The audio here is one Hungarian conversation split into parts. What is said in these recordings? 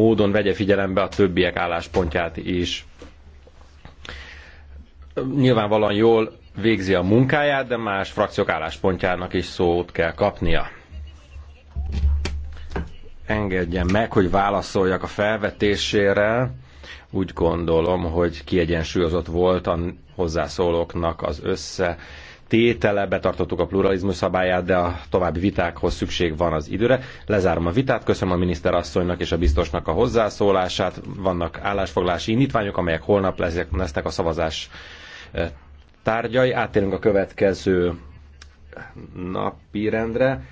módon vegye figyelembe a többiek álláspontját is. Nyilvánvalóan jól végzi a munkáját, de más frakciók álláspontjának is szót kell kapnia. Engedjen meg, hogy válaszoljak a felvetésére. Úgy gondolom, hogy kiegyensúlyozott volt a hozzászólóknak az össze tétele, betartottuk a pluralizmus szabályát, de a további vitákhoz szükség van az időre. Lezárom a vitát, köszönöm a miniszterasszonynak és a biztosnak a hozzászólását. Vannak állásfoglási indítványok, amelyek holnap lesznek a szavazás eh, tárgyai. Áttérünk a következő napi rendre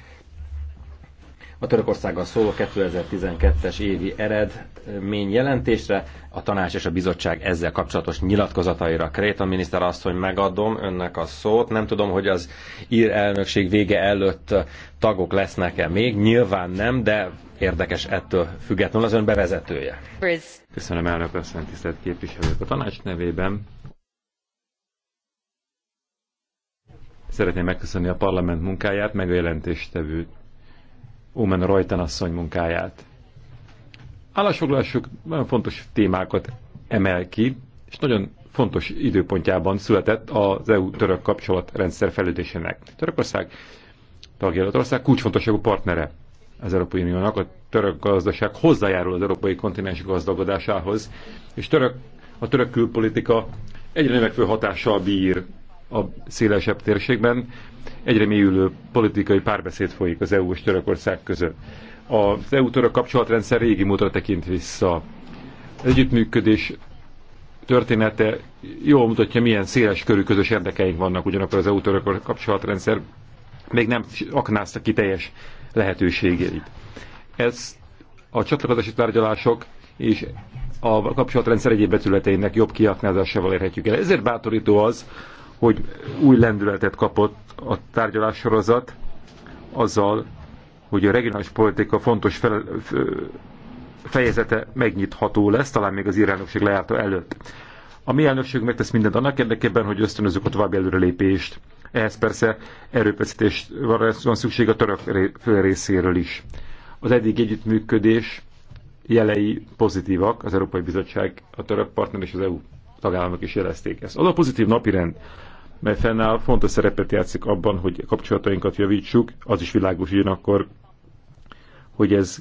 a Törökországgal szóló 2012-es évi eredmény jelentésre, a tanács és a bizottság ezzel kapcsolatos nyilatkozataira. Kréta miniszter azt, hogy megadom önnek a szót. Nem tudom, hogy az ír elnökség vége előtt tagok lesznek-e még. Nyilván nem, de érdekes ettől függetlenül az ön bevezetője. Köszönöm elnök asszony, tisztelt képviselők. A tanács nevében szeretném megköszönni a parlament munkáját, meg a jelentéstevőt. Omen Rajten asszony munkáját. Állásfoglalásuk nagyon fontos témákat emel ki, és nagyon fontos időpontjában született az EU-török kapcsolat rendszer fejlődésének. Törökország tagja, ország kulcsfontosságú partnere az Európai Uniónak, a török gazdaság hozzájárul az európai kontinens gazdagodásához, és török, a török külpolitika egyre növekvő hatással bír a szélesebb térségben egyre mélyülő politikai párbeszéd folyik az EU és Törökország között. Az EU-török kapcsolatrendszer régi módra tekint vissza. Az együttműködés története jól mutatja, milyen széles körű közös érdekeink vannak, ugyanakkor az EU-török kapcsolatrendszer még nem aknázta ki teljes lehetőségeit. Ez a csatlakozási tárgyalások és a kapcsolatrendszer egyéb betületeinek jobb kiaknázásával érhetjük el. Ezért bátorító az, hogy új lendületet kapott a tárgyalássorozat azzal, hogy a regionális politika fontos fel, fejezete megnyitható lesz, talán még az irányokség lejárta előtt. A mi elnökségünk megtesz mindent annak érdekében, hogy ösztönözzük a további előrelépést. Ehhez persze erőfeszítést van szükség a török részéről is. Az eddig együttműködés jelei pozitívak, az Európai Bizottság, a török partner és az EU tagállamok is jelezték ezt. Az a pozitív napirend, mely fennáll, fontos szerepet játszik abban, hogy kapcsolatainkat javítsuk, az is világos ugyanakkor, hogy ez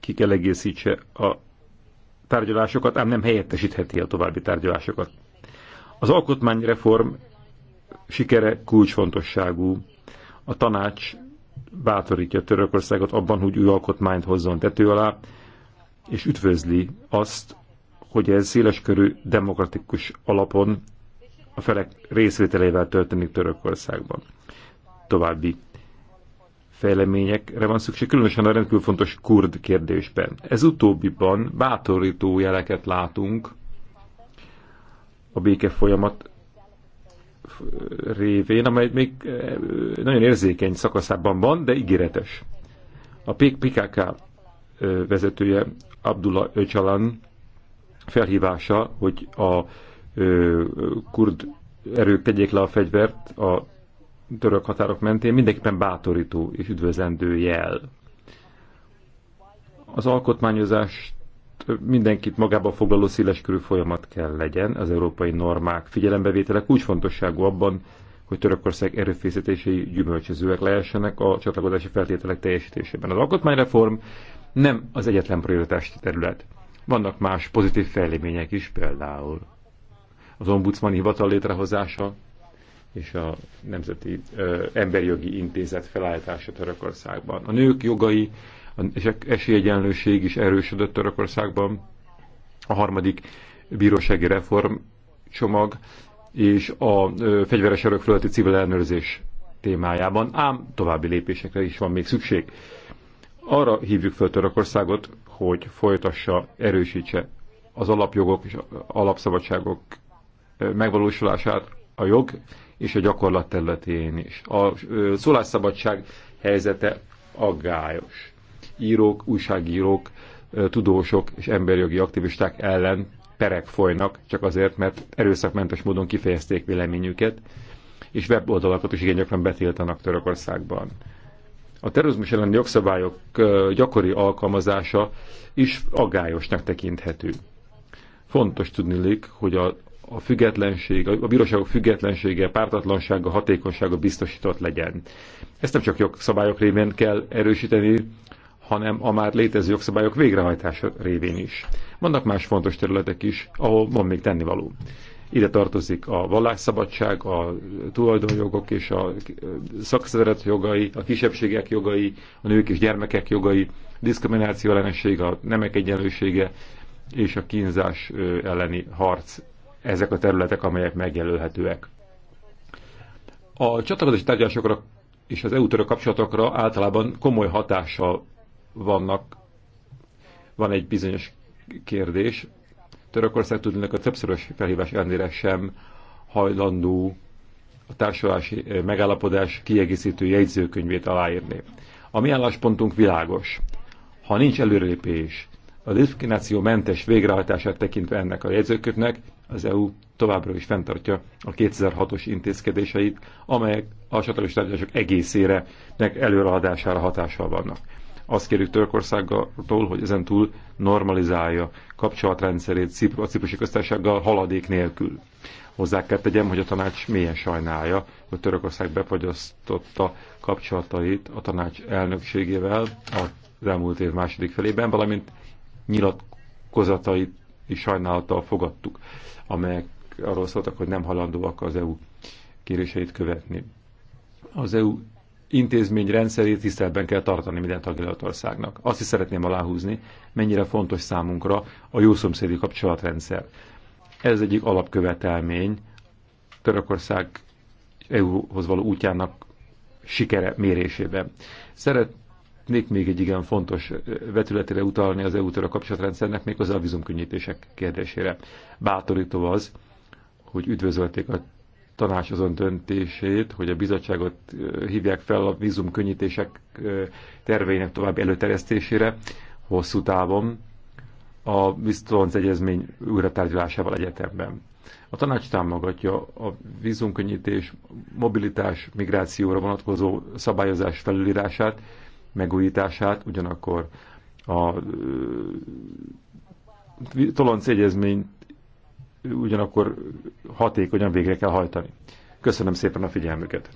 ki kell egészítse a tárgyalásokat, ám nem helyettesítheti a további tárgyalásokat. Az alkotmányreform sikere kulcsfontosságú. A tanács bátorítja Törökországot abban, hogy új alkotmányt hozzon tető alá, és üdvözli azt, hogy ez széleskörű demokratikus alapon a felek részvételével történik Törökországban. További fejleményekre van szükség, különösen a rendkívül fontos kurd kérdésben. Ez utóbbiban bátorító jeleket látunk a béke folyamat révén, amely még eh, nagyon érzékeny szakaszában van, de ígéretes. A PKK eh, vezetője Abdullah Öcalan felhívása, hogy a kurd erők tegyék le a fegyvert a török határok mentén mindenképpen bátorító és üdvözlendő jel. Az alkotmányozást mindenkit magába foglaló széleskörű folyamat kell legyen, az európai normák figyelembevétele fontosságú abban, hogy Törökország erőfészítései gyümölcsözőek lehessenek a csatlakozási feltételek teljesítésében. Az alkotmányreform nem az egyetlen prioritási terület. Vannak más pozitív fejlemények is például az ombudsmani hivatal létrehozása és a Nemzeti ö, Emberjogi Intézet felállítása Törökországban. A nők jogai és esélyegyenlőség is erősödött Törökországban. A harmadik bírósági reform csomag és a ö, fegyveres örök fölötti civil ellenőrzés témájában, ám további lépésekre is van még szükség. Arra hívjuk fel Törökországot, hogy folytassa, erősítse az alapjogok és alapszabadságok megvalósulását a jog és a gyakorlat területén is. A szólásszabadság helyzete aggályos. Írók, újságírók, tudósok és emberjogi aktivisták ellen perek folynak, csak azért, mert erőszakmentes módon kifejezték véleményüket, és weboldalakat is igen gyakran betiltanak Törökországban. A terrorizmus elleni jogszabályok gyakori alkalmazása is aggályosnak tekinthető. Fontos tudni, hogy a, a függetlenség, a bíróságok függetlensége, pártatlansága, hatékonysága biztosított legyen. Ezt nem csak jogszabályok révén kell erősíteni, hanem a már létező jogszabályok végrehajtása révén is. Vannak más fontos területek is, ahol van még tennivaló. Ide tartozik a vallásszabadság, a tulajdonjogok és a szakszervezet jogai, a kisebbségek jogai, a nők és gyermekek jogai, diszkrimináció ellenesség, a nemek egyenlősége és a kínzás elleni harc ezek a területek, amelyek megjelölhetőek. A csatlakozási tárgyalásokra és az EU-törő kapcsolatokra általában komoly hatással vannak. Van egy bizonyos kérdés. Törökország tudnak a többszörös felhívás ellenére sem hajlandó a társulási eh, megállapodás kiegészítő jegyzőkönyvét aláírni. A mi álláspontunk világos. Ha nincs előrelépés, a diszkrimináció mentes végrehajtását tekintve ennek a jegyzőkönyvnek, az EU továbbra is fenntartja a 2006-os intézkedéseit, amelyek a satellis tárgyalások egészére, meg előreadására hatással vannak. Azt kérjük Törökországtól, hogy ezen túl normalizálja kapcsolatrendszerét a ciprusi köztársággal haladék nélkül. Hozzá kell tegyem, hogy a tanács mélyen sajnálja, hogy Törökország befagyasztotta kapcsolatait a tanács elnökségével az elmúlt év második felében, valamint nyilatkozatait is sajnálattal fogadtuk amelyek arról szóltak, hogy nem halandóak az EU kéréseit követni. Az EU intézmény rendszerét tiszteletben kell tartani minden tagjelölt országnak. Azt is szeretném aláhúzni, mennyire fontos számunkra a szomszédi kapcsolatrendszer. Ez egyik alapkövetelmény Törökország EU-hoz való útjának sikere mérésében. Szeret, szeretnék még egy igen fontos vetületére utalni az EU-től a kapcsolatrendszernek, méghozzá a vízumkönnyítések kérdésére. Bátorító az, hogy üdvözölték a tanács azon döntését, hogy a bizottságot hívják fel a vízumkönnyítések terveinek további előterjesztésére hosszú távon a újra újratárgyalásával egyetemben. A tanács támogatja a vízumkönnyítés, mobilitás, migrációra vonatkozó szabályozás felülírását, megújítását, ugyanakkor a tolonc egyezmény ugyanakkor hatékonyan végre kell hajtani. Köszönöm szépen a figyelmüket.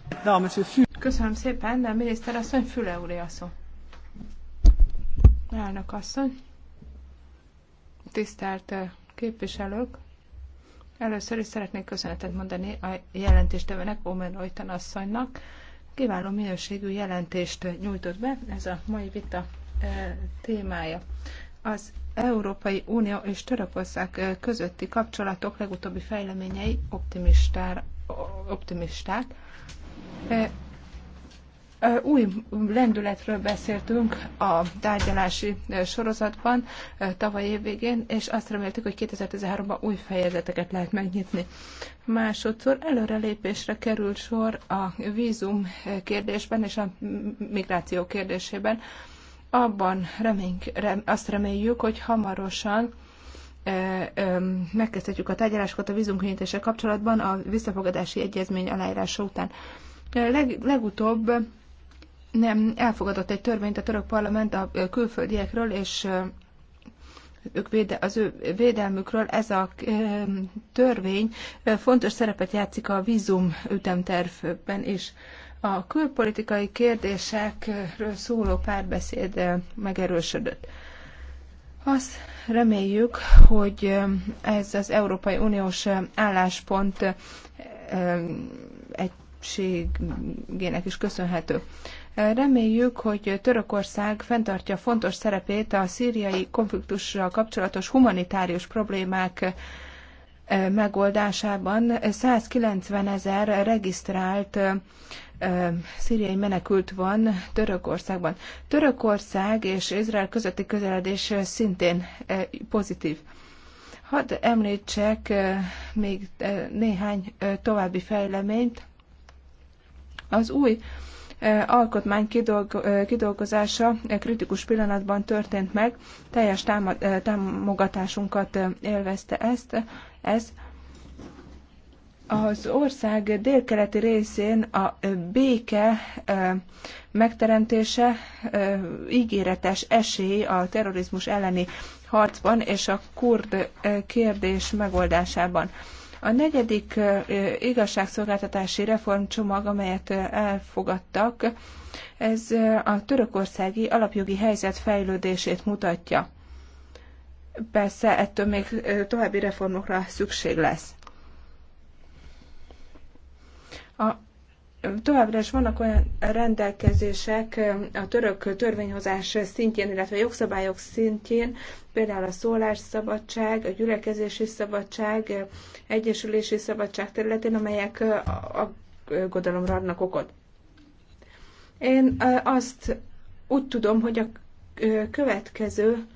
Köszönöm szépen, de a miniszter asszony, Füle úr a Elnök asszony, tisztelt képviselők, először is szeretnék köszönetet mondani a jelentéstevőnek, Omen Ojtan asszonynak, kiváló minőségű jelentést nyújtott be, ez a mai vita e, témája. Az Európai Unió és Törökország e, közötti kapcsolatok legutóbbi fejleményei optimisták, optimisták e, új lendületről beszéltünk a tárgyalási sorozatban tavaly évvégén, és azt reméltük, hogy 2013-ban új fejezeteket lehet megnyitni. Másodszor előrelépésre került sor a vízum kérdésben és a migráció kérdésében. Abban reménk, rem, azt reméljük, hogy hamarosan megkezdhetjük a tárgyalásokat a vízumkönnyítéssel kapcsolatban a visszafogadási egyezmény aláírása után. Leg, legutóbb nem elfogadott egy törvényt a török parlament a külföldiekről, és ők véde, az ő védelmükről ez a törvény fontos szerepet játszik a vízum ütemtervben is. A külpolitikai kérdésekről szóló párbeszéd megerősödött. Azt reméljük, hogy ez az Európai Uniós álláspont egységének is köszönhető. Reméljük, hogy Törökország fenntartja fontos szerepét a szíriai konfliktussal kapcsolatos humanitárius problémák e, megoldásában 190 ezer regisztrált e, szíriai menekült van Törökországban. Törökország és Izrael közötti közeledés szintén e, pozitív. Hadd említsek még néhány további fejleményt. Az új alkotmány kidolgozása kritikus pillanatban történt meg, teljes támogatásunkat élvezte ezt, ez. Az ország délkeleti részén a béke megteremtése ígéretes esély a terrorizmus elleni harcban és a kurd kérdés megoldásában. A negyedik igazságszolgáltatási reformcsomag, amelyet elfogadtak, ez a törökországi alapjogi helyzet fejlődését mutatja. Persze ettől még további reformokra szükség lesz. A Továbbra is vannak olyan rendelkezések a török törvényhozás szintjén, illetve jogszabályok szintjén, például a szólásszabadság, a gyülekezési szabadság, egyesülési szabadság területén, amelyek a aggodalomra adnak okot. Én azt úgy tudom, hogy a következő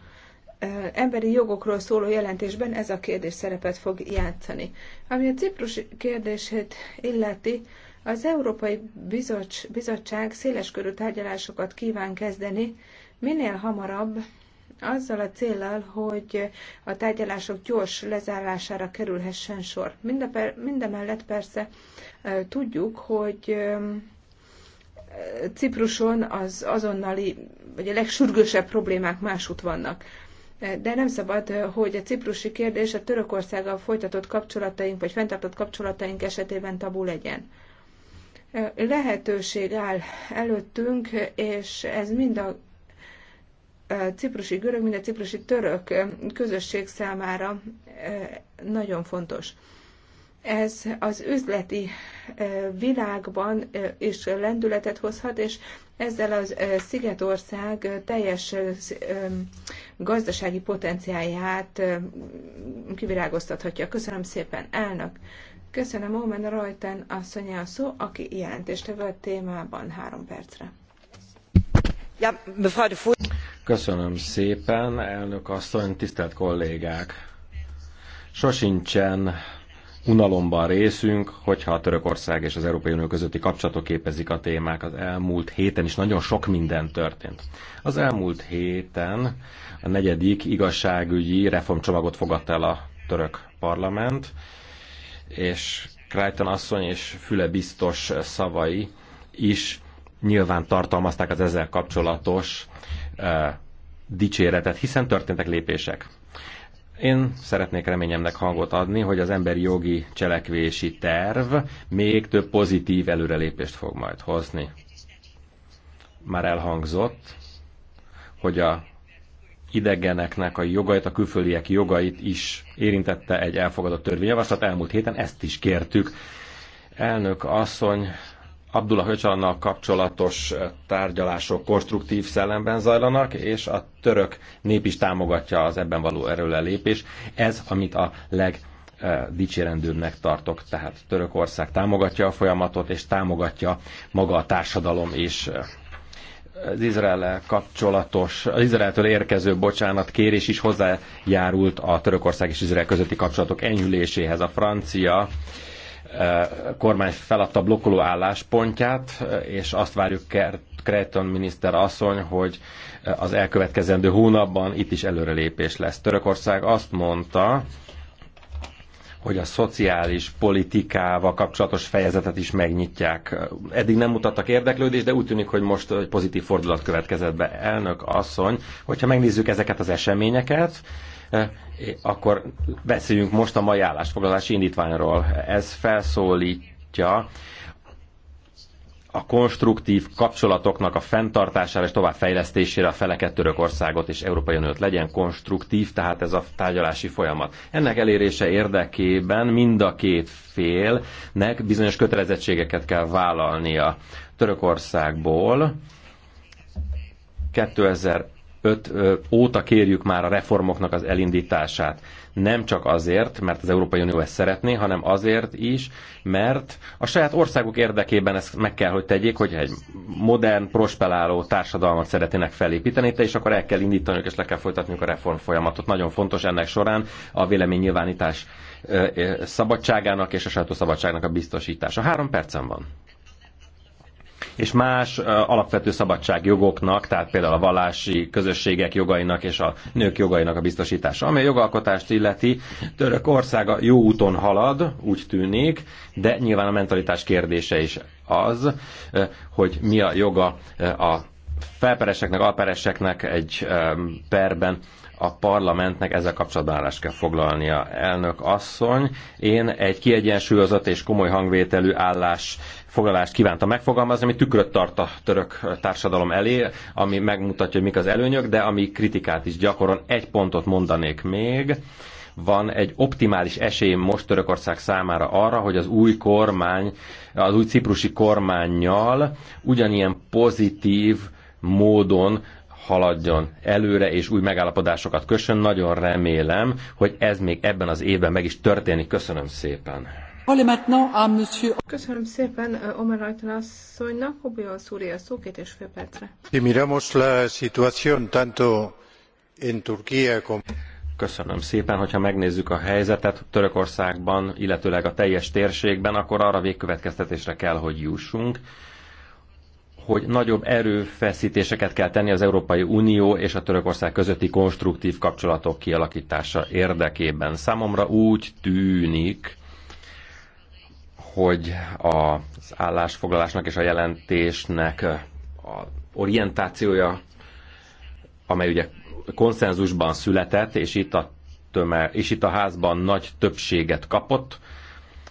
emberi jogokról szóló jelentésben ez a kérdés szerepet fog játszani. Ami a ciprusi kérdését illeti, az Európai Bizottság, Bizottság széleskörű tárgyalásokat kíván kezdeni minél hamarabb, azzal a célral, hogy a tárgyalások gyors lezárására kerülhessen sor. Mindemellett persze tudjuk, hogy Cipruson az azonnali, vagy a legsürgősebb problémák másút vannak. De nem szabad, hogy a ciprusi kérdés a Törökországgal folytatott kapcsolataink, vagy fenntartott kapcsolataink esetében tabu legyen lehetőség áll előttünk, és ez mind a ciprusi görög, mind a ciprusi török közösség számára e, nagyon fontos. Ez az üzleti e, világban e, is lendületet hozhat, és ezzel az Szigetország teljes gazdasági potenciáját kivirágoztathatja. Köszönöm szépen, elnök! Köszönöm Omen Rajten asszony a szó, aki jelentést a témában három percre. Köszönöm szépen, elnök asszony, tisztelt kollégák! Sosincsen unalomban részünk, hogyha a Törökország és az Európai Unió közötti kapcsolatok képezik a témák. Az elmúlt héten is nagyon sok minden történt. Az elmúlt héten a negyedik igazságügyi reformcsomagot fogadta el a török parlament, és Crichton asszony és Füle biztos szavai is nyilván tartalmazták az ezzel kapcsolatos uh, dicséretet, hiszen történtek lépések. Én szeretnék reményemnek hangot adni, hogy az emberi jogi cselekvési terv még több pozitív előrelépést fog majd hozni. Már elhangzott, hogy a idegeneknek a jogait, a külföldiek jogait is érintette egy elfogadott törvényjavaslat. Elmúlt héten ezt is kértük. Elnök asszony, Abdullah Höcsalannal kapcsolatos tárgyalások konstruktív szellemben zajlanak, és a török nép is támogatja az ebben való erőlelépés. Ez, amit a leg dicsérendőbbnek tartok. Tehát Törökország támogatja a folyamatot, és támogatja maga a társadalom és az izrael kapcsolatos, az Izraeltől érkező bocsánat kérés is hozzájárult a Törökország és Izrael közötti kapcsolatok enyhüléséhez. A francia eh, kormány feladta blokkoló álláspontját, eh, és azt várjuk Kreton miniszter asszony, hogy eh, az elkövetkezendő hónapban itt is előrelépés lesz. Törökország azt mondta, hogy a szociális politikával kapcsolatos fejezetet is megnyitják. Eddig nem mutattak érdeklődést, de úgy tűnik, hogy most egy pozitív fordulat következett be. Elnök asszony, hogyha megnézzük ezeket az eseményeket, eh, akkor beszéljünk most a mai állásfoglalási indítványról. Ez felszólítja a konstruktív kapcsolatoknak a fenntartására és továbbfejlesztésére a feleket Törökországot és Európai Uniót legyen konstruktív, tehát ez a tárgyalási folyamat. Ennek elérése érdekében mind a két félnek bizonyos kötelezettségeket kell vállalnia Törökországból. 2005 óta kérjük már a reformoknak az elindítását nem csak azért, mert az Európai Unió ezt szeretné, hanem azért is, mert a saját országok érdekében ezt meg kell, hogy tegyék, hogy egy modern, prosperáló társadalmat szeretnének felépíteni, és akkor el kell indítaniuk és le kell folytatniuk a reform folyamatot. Nagyon fontos ennek során a véleménynyilvánítás szabadságának és a sajtószabadságnak a biztosítása. Három percen van és más alapvető szabadságjogoknak, tehát például a vallási közösségek jogainak és a nők jogainak a biztosítása. Ami a jogalkotást illeti, Törökország a jó úton halad, úgy tűnik, de nyilván a mentalitás kérdése is az, hogy mi a joga a felpereseknek, alpereseknek egy perben a parlamentnek ezzel kapcsolatban állást kell foglalnia. Elnök asszony, én egy kiegyensúlyozott és komoly hangvételű állás foglalást kívánta megfogalmazni, ami tükröt tart a török társadalom elé, ami megmutatja, hogy mik az előnyök, de ami kritikát is gyakorol. Egy pontot mondanék még van egy optimális esély most Törökország számára arra, hogy az új kormány, az új ciprusi kormányjal ugyanilyen pozitív módon haladjon előre, és új megállapodásokat kössön. Nagyon remélem, hogy ez még ebben az évben meg is történik. Köszönöm szépen! Köszönöm szépen Omer Rajtan asszonynak, a Szúria szó két és fél percre. Si miramos la situación tanto en Turquía como... Köszönöm szépen, hogyha megnézzük a helyzetet Törökországban, illetőleg a teljes térségben, akkor arra végkövetkeztetésre kell, hogy jussunk, hogy nagyobb erőfeszítéseket kell tenni az Európai Unió és a Törökország közötti konstruktív kapcsolatok kialakítása érdekében. Számomra úgy tűnik, hogy az állásfoglalásnak és a jelentésnek a orientációja, amely ugye konszenzusban született, és itt a töme, és itt a házban nagy többséget kapott.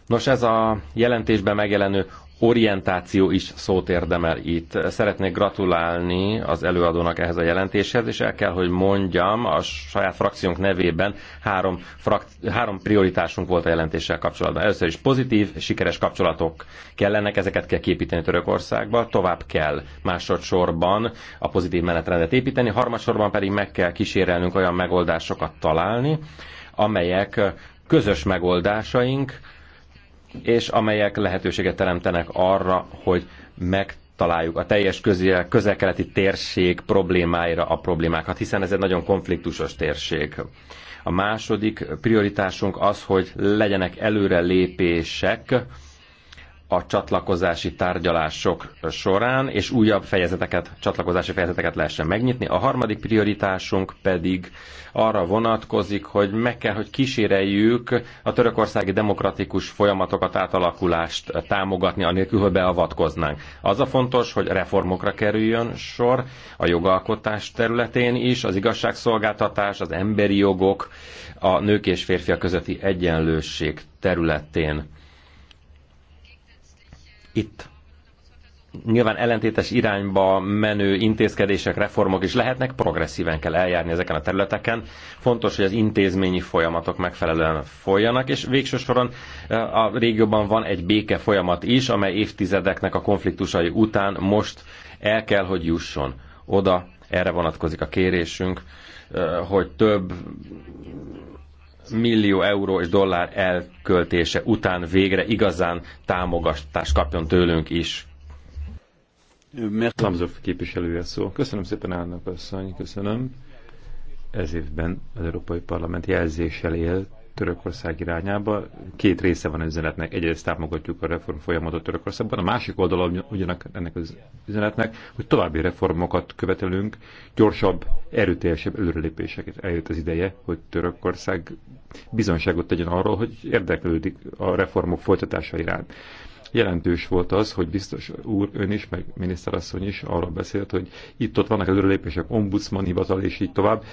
Nos, ez a jelentésben megjelenő orientáció is szót érdemel itt. Szeretnék gratulálni az előadónak ehhez a jelentéshez, és el kell, hogy mondjam, a saját frakciónk nevében három, frak- három prioritásunk volt a jelentéssel kapcsolatban. Először is pozitív, sikeres kapcsolatok kellenek, ezeket kell képíteni Törökországba, tovább kell másodszorban a pozitív menetrendet építeni, harmadsorban pedig meg kell kísérelnünk olyan megoldásokat találni, amelyek közös megoldásaink, és amelyek lehetőséget teremtenek arra, hogy megtaláljuk a teljes közel-keleti térség problémáira a problémákat, hiszen ez egy nagyon konfliktusos térség. A második prioritásunk az, hogy legyenek előrelépések a csatlakozási tárgyalások során, és újabb fejezeteket, csatlakozási fejezeteket lehessen megnyitni. A harmadik prioritásunk pedig arra vonatkozik, hogy meg kell, hogy kíséreljük a törökországi demokratikus folyamatokat, átalakulást támogatni, anélkül, hogy beavatkoznánk. Az a fontos, hogy reformokra kerüljön sor a jogalkotás területén is, az igazságszolgáltatás, az emberi jogok, a nők és férfiak közötti egyenlőség területén itt nyilván ellentétes irányba menő intézkedések, reformok is lehetnek, progresszíven kell eljárni ezeken a területeken. Fontos, hogy az intézményi folyamatok megfelelően folyanak, és végső soron eh, a régióban van egy béke folyamat is, amely évtizedeknek a konfliktusai után most el kell, hogy jusson oda, erre vonatkozik a kérésünk, eh, hogy több millió euró és dollár elköltése után végre igazán támogatást kapjon tőlünk is. Mert Lamzov képviselője szó. Köszönöm szépen, Állnak asszony, köszönöm. Ez évben az Európai Parlament jelzéssel élt Törökország irányába. Két része van az üzenetnek. Egyrészt támogatjuk a reform folyamatot Törökországban, a másik oldala ugyanak ennek az üzenetnek, hogy további reformokat követelünk, gyorsabb, erőteljesebb előrelépéseket. Eljött az ideje, hogy Törökország bizonságot tegyen arról, hogy érdeklődik a reformok folytatása iránt. Jelentős volt az, hogy biztos úr, ön is, meg miniszterasszony is arról beszélt, hogy itt-ott vannak előrelépések, ombudsman, hivatal és így tovább,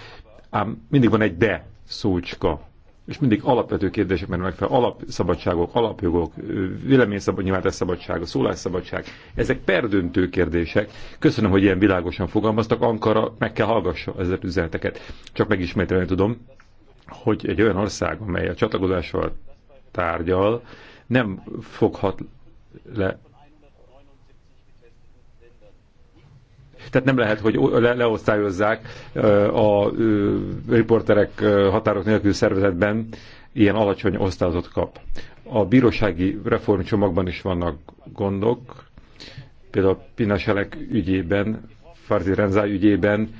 ám mindig van egy de szócska és mindig alapvető kérdések, kérdésekben megfelel, alapszabadságok, alapjogok, véleményszabad, szabadság, szabadsága, szólásszabadság, ezek perdöntő kérdések. Köszönöm, hogy ilyen világosan fogalmaztak, Ankara meg kell hallgassa ezeket üzeneteket. Csak megismételni tudom, hogy egy olyan ország, amely a csatlakozással tárgyal, nem foghat le Tehát nem lehet, hogy le, leosztályozzák a riporterek határok nélkül szervezetben ilyen alacsony osztályozott kap. A bírósági reformcsomagban is vannak gondok, például Pinaselek ügyében, Farzi Renzá ügyében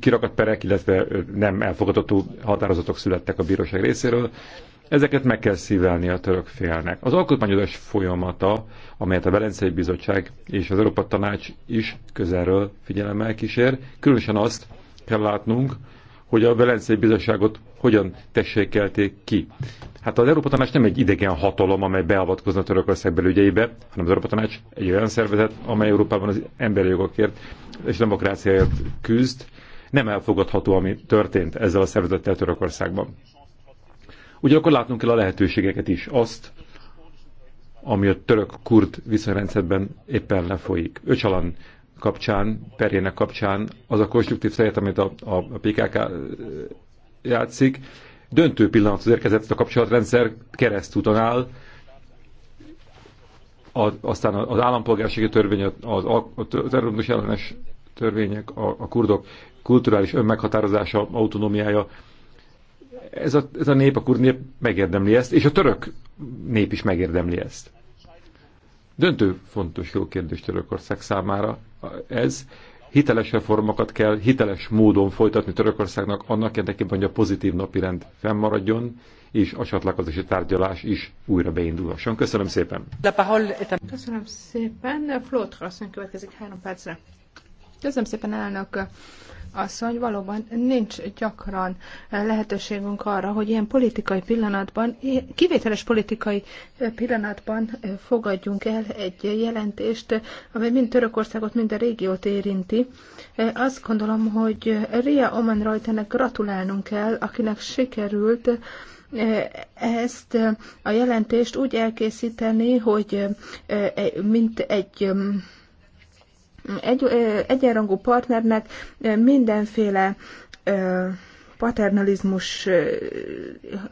kirakat perek, illetve nem elfogadható határozatok születtek a bíróság részéről. Ezeket meg kell szívelni a török félnek. Az alkotmányozás folyamata, amelyet a Velencei Bizottság és az Európa Tanács is közelről figyelemmel kísér, különösen azt kell látnunk, hogy a Velencei Bizottságot hogyan tessékelték ki. Hát az Európa Tanács nem egy idegen hatalom, amely beavatkozna Törökország belügyeibe, hanem az Európa Tanács egy olyan szervezet, amely Európában az emberi jogokért és demokráciáért küzd. Nem elfogadható, ami történt ezzel a szervezettel Törökországban. Ugyanakkor látnunk kell a lehetőségeket is, azt, ami a török-kurd viszonyrendszerben éppen lefolyik. Öcsalan kapcsán, perjének kapcsán az a konstruktív szerint, amit a, a, a PKK játszik, döntő pillanathoz érkezett a kapcsolatrendszer, keresztúton áll, a, aztán az állampolgársági törvény, az, a, a terrorizmus ellenes törvények, a, a kurdok kulturális önmeghatározása, autonómiája, ez a, ez a nép, a kurd nép megérdemli ezt, és a török nép is megérdemli ezt. Döntő fontos jó kérdés Törökország számára ez. Hiteles reformokat kell hiteles módon folytatni Törökországnak annak érdekében, hogy a pozitív napirend fennmaradjon, és a csatlakozási tárgyalás is újra beindulhasson. Köszönöm szépen! Köszönöm szépen! Flótra, azt következik három percre. Köszönöm szépen, elnök asszony, valóban nincs gyakran eh, lehetőségünk arra, hogy ilyen politikai pillanatban, kivételes politikai eh, pillanatban eh, fogadjunk el egy jelentést, amely mind Törökországot, mind a régiót érinti. Azt gondolom, hogy Ria Oman rajtának gratulálnunk kell, akinek sikerült ezt a jelentést úgy elkészíteni, hogy mint egy mm, egy, egyenrangú partnernek mindenféle paternalizmus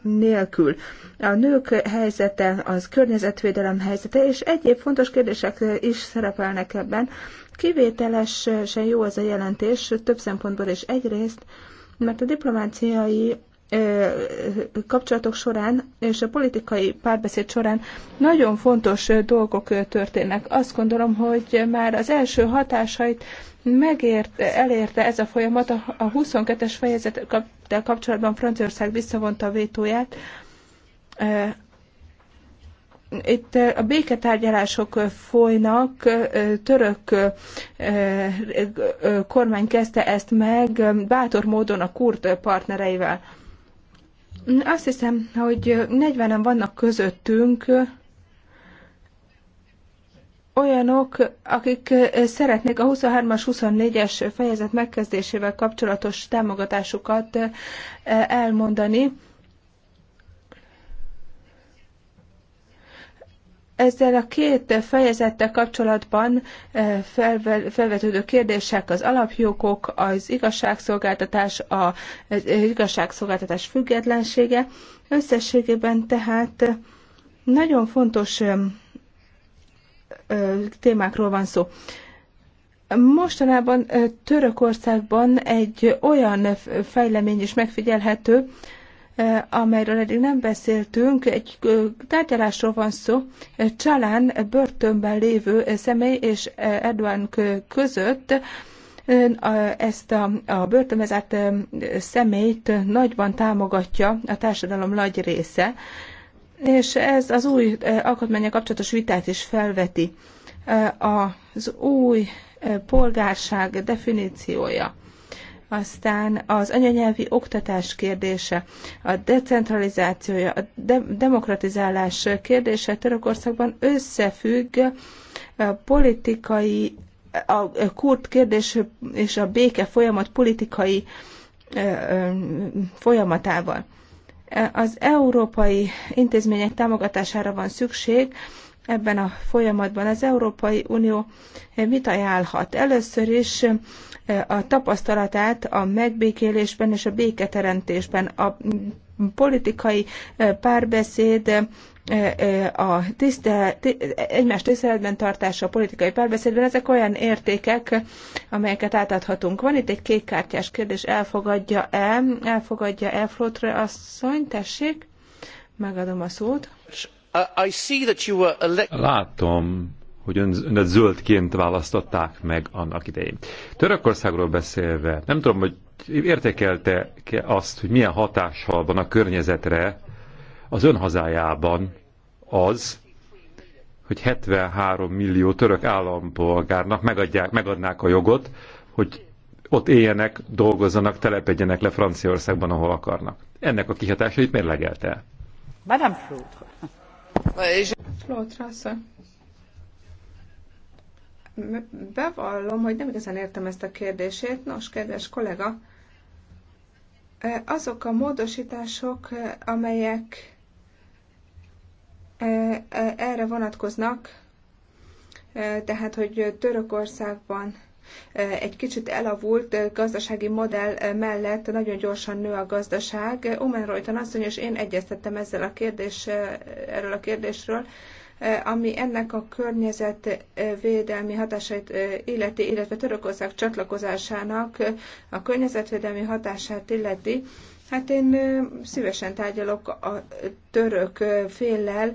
nélkül. A nők helyzete, az környezetvédelem helyzete és egyéb fontos kérdések is szerepelnek ebben. Kivételesen jó az a jelentés több szempontból is egyrészt, mert a diplomáciai kapcsolatok során és a politikai párbeszéd során nagyon fontos dolgok történnek. Azt gondolom, hogy már az első hatásait megért, elérte ez a folyamat. A 22-es fejezettel kapcsolatban Franciaország visszavonta a vétóját. Itt a béketárgyalások folynak, török kormány kezdte ezt meg bátor módon a kurt partnereivel. Azt hiszem, hogy 40-en vannak közöttünk olyanok, akik szeretnék a 23-as, 24-es fejezet megkezdésével kapcsolatos támogatásukat eh, elmondani. Ezzel a két fejezettel kapcsolatban eh, felvetődő kérdések az alapjogok, az igazságszolgáltatás, az eh, igazságszolgáltatás függetlensége. Összességében tehát nagyon fontos eh, témákról van szó. Mostanában Törökországban egy olyan fejlemény is megfigyelhető, Eh, amelyről eddig nem beszéltünk, egy tárgyalásról van szó, eh, Csalán börtönben lévő eh, személy és Erdogan között, ezt a, a börtönbe személyt nagyban támogatja a társadalom nagy része, és ez az új alkotmányok kapcsolatos vitát is felveti. Az új polgárság definíciója aztán az anyanyelvi oktatás kérdése, a decentralizációja, a de- demokratizálás kérdése Törökországban összefügg a politikai, a kurt kérdés és a béke folyamat politikai folyamatával. Az európai intézmények támogatására van szükség, ebben a folyamatban az Európai Unió mit ajánlhat? Először is a tapasztalatát a megbékélésben és a béketeremtésben, a politikai eh, párbeszéd, eh, eh, a tisztel, egymás tiszteletben tartása a politikai párbeszédben, ezek olyan értékek, amelyeket átadhatunk. Van itt egy kékkártyás kérdés, elfogadja-e, elfogadja-e Flotre asszony, tessék, megadom a szót. Látom, hogy ön, önet zöldként választották meg annak idején. Törökországról beszélve, nem tudom, hogy értékelte -e azt, hogy milyen hatással van a környezetre az ön hazájában az, hogy 73 millió török állampolgárnak megadják, megadnák a jogot, hogy ott éljenek, dolgozzanak, telepedjenek le Franciaországban, ahol akarnak. Ennek a kihatásait mérlegelte. Madame Flautre. Flautre, bevallom, hogy nem igazán értem ezt a kérdését. Nos, kedves kollega, azok a módosítások, amelyek erre vonatkoznak, tehát, hogy Törökországban egy kicsit elavult gazdasági modell mellett nagyon gyorsan nő a gazdaság. Omen Rojtan asszony, és én egyeztettem ezzel a kérdés, erről a kérdésről ami ennek a környezetvédelmi hatásait illeti, illetve Törökország csatlakozásának a környezetvédelmi hatását illeti. Hát én szívesen tárgyalok a török féllel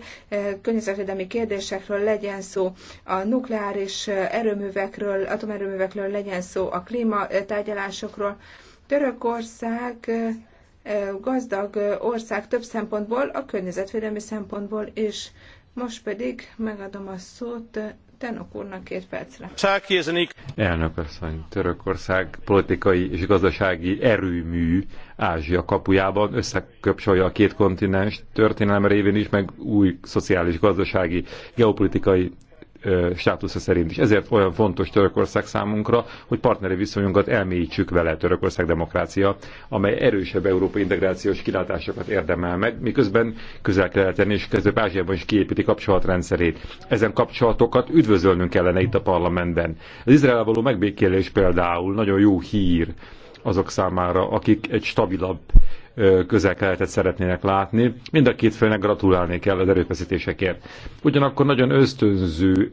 környezetvédelmi kérdésekről legyen szó, a nukleáris erőművekről, atomerőművekről legyen szó, a klímatárgyalásokról. Törökország gazdag ország több szempontból, a környezetvédelmi szempontból is. Most pedig megadom a szót Tenok úrnak két percre. Elnök asszony, Törökország politikai és gazdasági erőmű Ázsia kapujában összeköpcsolja a két kontinens történelem révén is, meg új szociális, gazdasági, geopolitikai státusza szerint is. Ezért olyan fontos Törökország számunkra, hogy partneri viszonyunkat elmélyítsük vele Törökország demokrácia, amely erősebb európai integrációs kilátásokat érdemel meg, miközben közel-keleten és közép ázsiában is kiépíti kapcsolatrendszerét. Ezen kapcsolatokat üdvözölnünk kellene itt a parlamentben. Az Izrael való megbékélés például nagyon jó hír azok számára, akik egy stabilabb közel-keletet szeretnének látni. Mind a két félnek gratulálni kell az erőfeszítésekért. Ugyanakkor nagyon ösztönző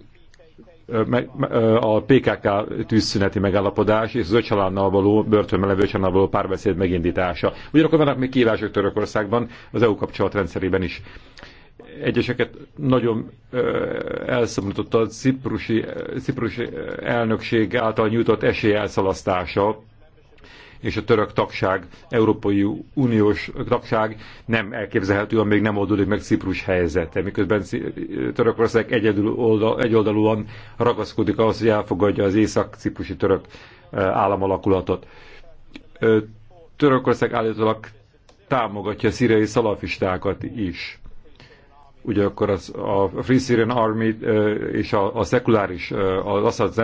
a PKK tűzszüneti megállapodás és az öcsalánnal való, börtönben levő öcsalánnal való párbeszéd megindítása. Ugyanakkor vannak még kívások Törökországban, az EU kapcsolatrendszerében is. Egyeseket nagyon elszomorította a ciprusi, ciprusi elnökség által nyújtott esélyelszalasztása és a török tagság, Európai Uniós tagság nem elképzelhető, amíg nem oldódik meg Ciprus helyzete, miközben Törökország egyedül oldal, egyoldalúan ragaszkodik ahhoz, hogy elfogadja az észak-ciprusi török eh, államalakulatot. Törökország állítólag támogatja a szíriai szalafistákat is. Ugyanakkor az, a Free Syrian Army eh, és a, a szekuláris, eh, az az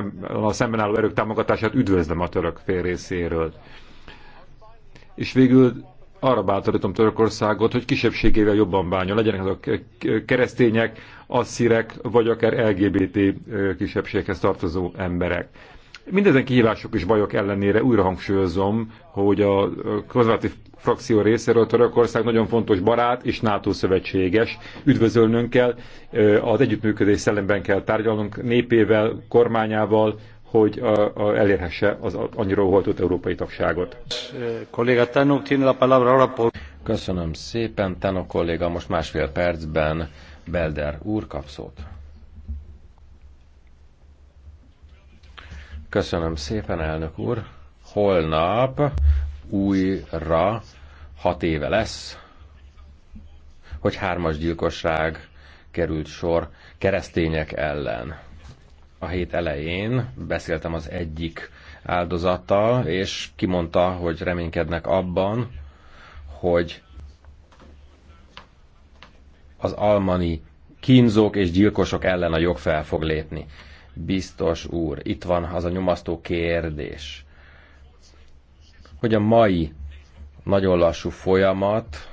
szemben álló erők támogatását üdvözlöm a török fél részéről. És végül arra bátorítom Törökországot, hogy kisebbségével jobban bánja. Legyenek azok keresztények, asszírek, vagy akár LGBT kisebbséghez tartozó emberek. Mindezen kihívások és bajok ellenére újra hangsúlyozom, hogy a konzervatív frakció részéről Törökország nagyon fontos barát és NATO szövetséges. Üdvözölnünk kell, az együttműködés szellemben kell tárgyalnunk népével, kormányával, hogy a, a elérhesse az annyira óhatott európai tagságot. Köszönöm szépen, Tano kolléga, most másfél percben Belder úr kap szót. Köszönöm szépen, elnök úr. Holnap újra hat éve lesz, hogy hármas gyilkosság került sor keresztények ellen a hét elején beszéltem az egyik áldozattal, és kimondta, hogy reménykednek abban, hogy az almani kínzók és gyilkosok ellen a jog fel fog lépni. Biztos úr, itt van az a nyomasztó kérdés, hogy a mai nagyon lassú folyamat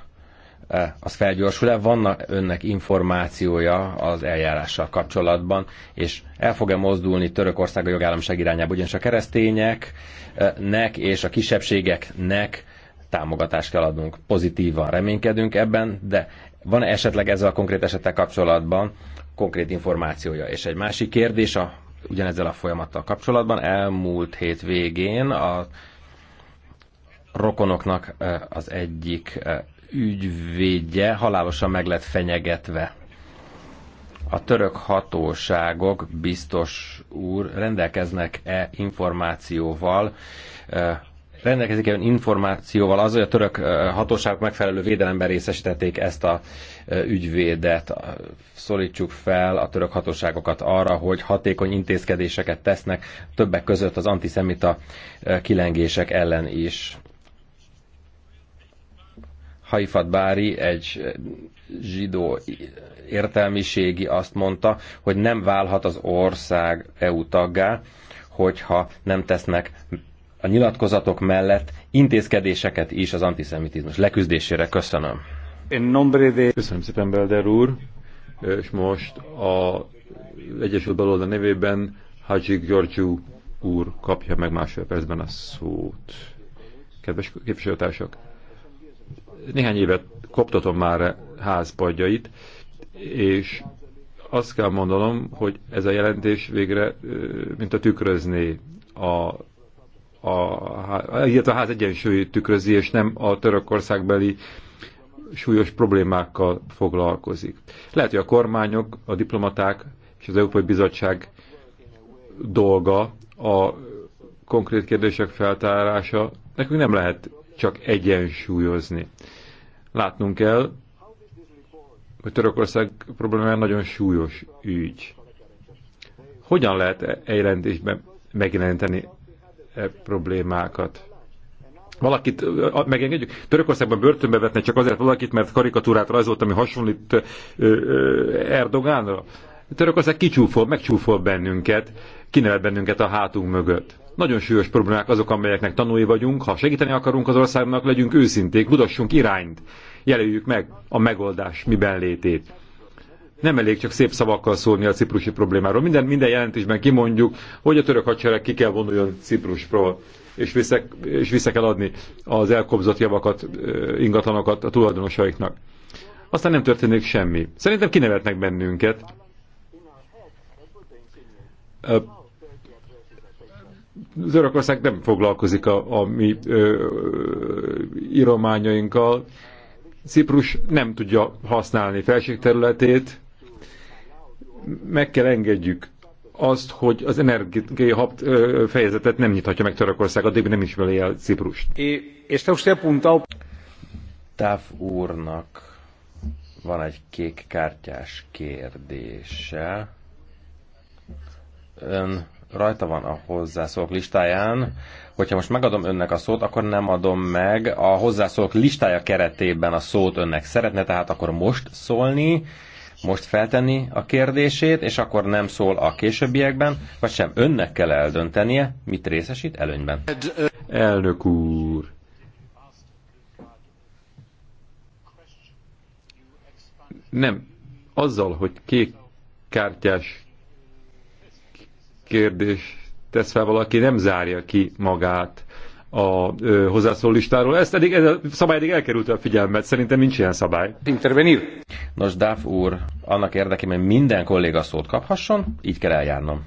Eh, az felgyorsul-e, vannak önnek információja az eljárással kapcsolatban, és el fog-e mozdulni Törökország a jogállamiság irányába, ugyanis a keresztényeknek eh, és a kisebbségeknek támogatást kell adnunk. Pozitívan reménykedünk ebben, de van -e esetleg ezzel a konkrét esettel kapcsolatban konkrét információja? És egy másik kérdés a, ugyanezzel a folyamattal kapcsolatban. Elmúlt hét végén a rokonoknak eh, az egyik ügyvédje halálosan meg lett fenyegetve. A török hatóságok, biztos úr, rendelkeznek-e információval, rendelkezik -e információval az, hogy a török hatóságok megfelelő védelemben részesítették ezt a ügyvédet. Szólítsuk fel a török hatóságokat arra, hogy hatékony intézkedéseket tesznek többek között az antiszemita kilengések ellen is. Haifat Bári, egy zsidó értelmiségi azt mondta, hogy nem válhat az ország EU taggá, hogyha nem tesznek a nyilatkozatok mellett intézkedéseket is az antiszemitizmus leküzdésére. Köszönöm. Köszönöm szépen, Belder úr. És most a Egyesült Baloldal nevében Hadzsi Gyorgyú úr kapja meg másfél percben a szót. Kedves képviselőtársak! néhány évet koptatom már házpadjait, és azt kell mondanom, hogy ez a jelentés végre, mint a tükrözné a a, a, a ház egyensúlyt tükrözi, és nem a törökországbeli súlyos problémákkal foglalkozik. Lehet, hogy a kormányok, a diplomaták és az Európai Bizottság dolga a konkrét kérdések feltárása, nekünk nem lehet csak egyensúlyozni Látnunk kell, hogy Törökország problémája nagyon súlyos ügy. Hogyan lehet e- egy rendésben megjelenteni e problémákat? Valakit megengedjük? Törökországban börtönbe vetne csak azért valakit, mert karikatúrát rajzolt, ami hasonlít Erdogánra? Törökország kicsúfol, megcsúfol bennünket, kinevet bennünket a hátunk mögött. Nagyon súlyos problémák azok, amelyeknek tanulni vagyunk. Ha segíteni akarunk az országnak, legyünk őszinték, mutassunk irányt, jelöljük meg a megoldás miben létét. Nem elég csak szép szavakkal szólni a ciprusi problémáról. Minden, minden jelentésben kimondjuk, hogy a török hadsereg ki kell vonuljon Ciprusról, és vissza, és vissza kell adni az elkobzott javakat, ingatlanokat a tulajdonosaiknak. Aztán nem történik semmi. Szerintem kinevetnek bennünket az Örökország nem foglalkozik a, a mi ö, ö, írományainkkal. Ciprus nem tudja használni felségterületét. Meg kell engedjük azt, hogy az energiai hab fejezetet nem nyithatja meg Törökország, addig nem ismeri el Ciprust. Táv úrnak van egy kék kártyás kérdése. Ön rajta van a hozzászólók listáján. Hogyha most megadom önnek a szót, akkor nem adom meg a hozzászólók listája keretében a szót önnek. Szeretne tehát akkor most szólni, most feltenni a kérdését, és akkor nem szól a későbbiekben, vagy sem önnek kell eldöntenie, mit részesít előnyben. Elnök úr, nem, azzal, hogy kék kártyás kérdés tesz fel valaki, nem zárja ki magát a ö, hozzászólistáról. Ezt eddig, ez a szabály eddig elkerült a figyelmet, szerintem nincs ilyen szabály. Intervenir. Nos, Dáv úr, annak érdekében minden kolléga szót kaphasson, így kell eljárnom.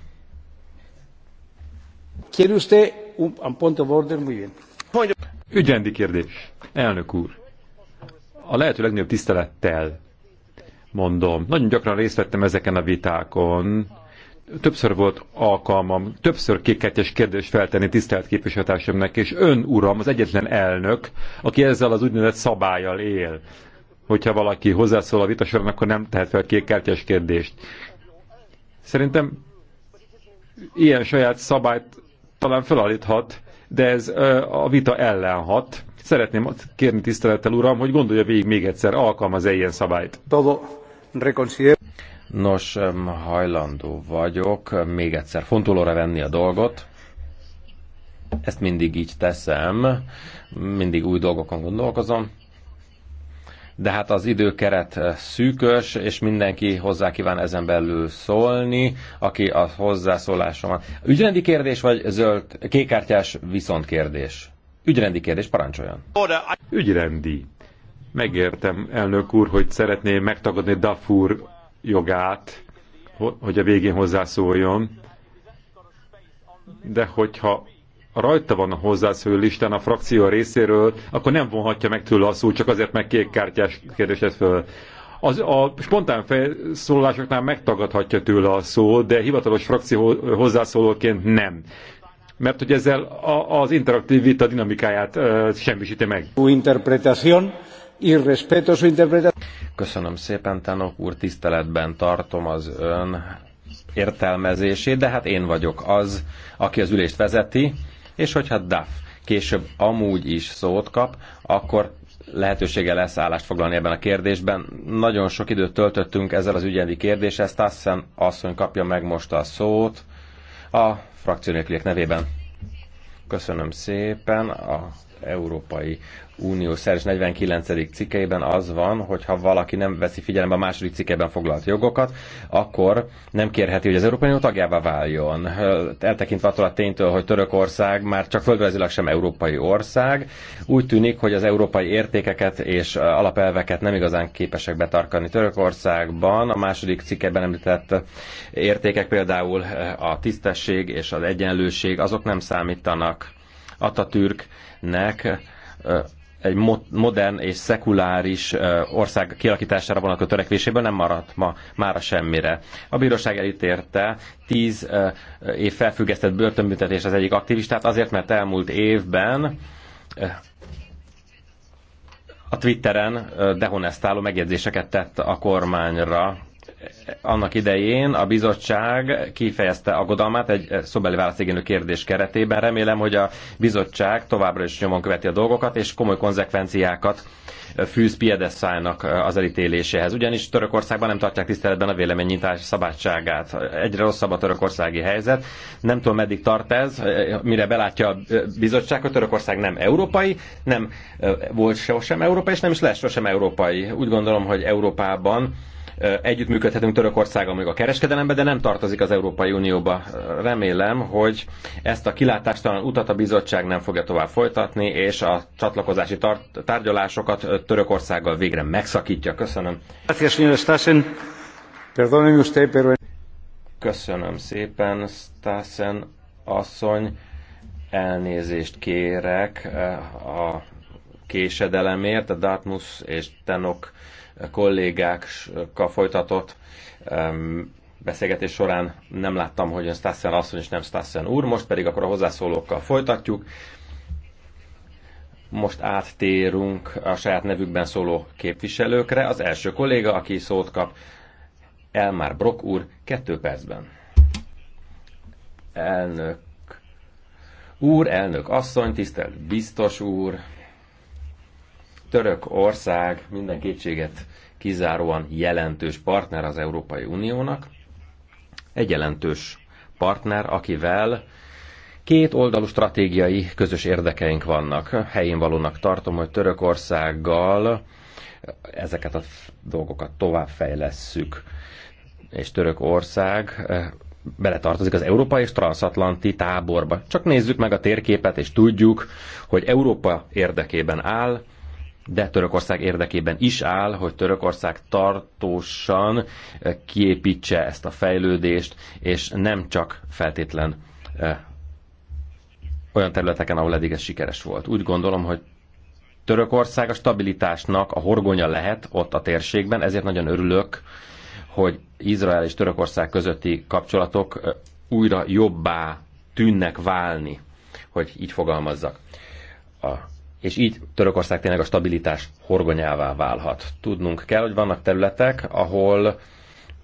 Kérdőzte, usted un, un punto border muy bien. Ügyrendi kérdés. Elnök úr, a lehető legnagyobb tisztelettel mondom. Nagyon gyakran részt vettem ezeken a vitákon, többször volt alkalmam, többször kékkártyás kérdést feltenni tisztelt képviselőtársamnak, és ön, uram, az egyetlen elnök, aki ezzel az úgynevezett szabályjal él. Hogyha valaki hozzászól a vitasoron, akkor nem tehet fel kékkártyás kérdést. Szerintem ilyen saját szabályt talán felállíthat, de ez a vita ellen hat. Szeretném kérni tisztelettel, uram, hogy gondolja végig még egyszer, alkalmaz-e ilyen szabályt. Todo reconsider... Nos, hajlandó vagyok még egyszer fontolóra venni a dolgot. Ezt mindig így teszem, mindig új dolgokon gondolkozom. De hát az időkeret eh, szűkös, és mindenki hozzá kíván ezen belül szólni, aki a hozzászólásomat. Ügyrendi kérdés, vagy zöld, kékkártyás viszont kérdés? Ügyrendi kérdés, parancsoljon. Ügyrendi megértem, elnök úr, hogy szeretné megtagadni Dafur jogát, hogy a végén hozzászóljon, de hogyha rajta van a hozzászóló listán a frakció részéről, akkor nem vonhatja meg tőle a szót, csak azért meg kártyás kérdéset föl. Az, a spontán felszólásoknál megtagadhatja tőle a szót, de hivatalos frakció hozzászólóként nem. Mert hogy ezzel a, az interaktív vita dinamikáját e, semmisíti meg. Köszönöm szépen, Tanok úr, tiszteletben tartom az ön értelmezését, de hát én vagyok az, aki az ülést vezeti, és hogyha DAF később amúgy is szót kap, akkor lehetősége lesz állást foglalni ebben a kérdésben. Nagyon sok időt töltöttünk ezzel az ügyendi kérdéssel, Stassen asszony kapja meg most a szót a frakció nevében. Köszönöm szépen a Európai Unió szerzés 49. cikkeiben az van, hogy ha valaki nem veszi figyelembe a második cikkeben foglalt jogokat, akkor nem kérheti, hogy az Európai Unió tagjává váljon. Eltekintve attól a ténytől, hogy Törökország már csak földrajzilag sem európai ország, úgy tűnik, hogy az európai értékeket és alapelveket nem igazán képesek betarkani. Törökországban a második cikkeben említett értékek, például a tisztesség és az egyenlőség, azok nem számítanak. Atatürknek egy modern és szekuláris ország kialakítására vonatkozó törekvéséből nem maradt ma mára semmire. A bíróság elítérte 10 év felfüggesztett börtönbüntetés az egyik aktivistát azért, mert elmúlt évben a Twitteren dehonestáló megjegyzéseket tett a kormányra annak idején a bizottság kifejezte aggodalmát egy szobeli válaszigénő kérdés keretében. Remélem, hogy a bizottság továbbra is nyomon követi a dolgokat, és komoly konzekvenciákat fűz Piedesszájnak az elítéléséhez. Ugyanis Törökországban nem tartják tiszteletben a véleménynyitás szabadságát. Egyre rosszabb a törökországi helyzet. Nem tudom, meddig tart ez, mire belátja a bizottság, hogy Törökország nem európai, nem volt sosem európai, és nem is lesz sosem európai. Úgy gondolom, hogy Európában együttműködhetünk Törökországgal még a kereskedelembe, de nem tartozik az Európai Unióba. Remélem, hogy ezt a kilátástalan utat a bizottság nem fogja tovább folytatni, és a csatlakozási tárgyalásokat Törökországgal végre megszakítja. Köszönöm. Köszönöm szépen, Stassen asszony. Elnézést kérek a késedelemért, a Dartmouth és Tenok kollégákkal folytatott beszélgetés során nem láttam, hogy ön Stassen asszony és nem Stassen úr, most pedig akkor a hozzászólókkal folytatjuk. Most áttérünk a saját nevükben szóló képviselőkre. Az első kolléga, aki szót kap, Elmár Brok úr, kettő percben. Elnök úr, elnök asszony, tisztelt biztos úr, Törökország minden kétséget kizáróan jelentős partner az Európai Uniónak. Egy jelentős partner, akivel két oldalú stratégiai közös érdekeink vannak. Helyén valónak tartom, hogy Törökországgal ezeket a dolgokat továbbfejlesszük. És Törökország eh, beletartozik az európai és transatlanti táborba. Csak nézzük meg a térképet, és tudjuk, hogy Európa érdekében áll, de Törökország érdekében is áll, hogy Törökország tartósan kiépítse ezt a fejlődést, és nem csak feltétlen olyan területeken, ahol eddig ez sikeres volt. Úgy gondolom, hogy Törökország a stabilitásnak a horgonya lehet ott a térségben, ezért nagyon örülök, hogy Izrael és Törökország közötti kapcsolatok újra jobbá tűnnek válni, hogy így fogalmazzak. A és így Törökország tényleg a stabilitás horgonyává válhat. Tudnunk kell, hogy vannak területek, ahol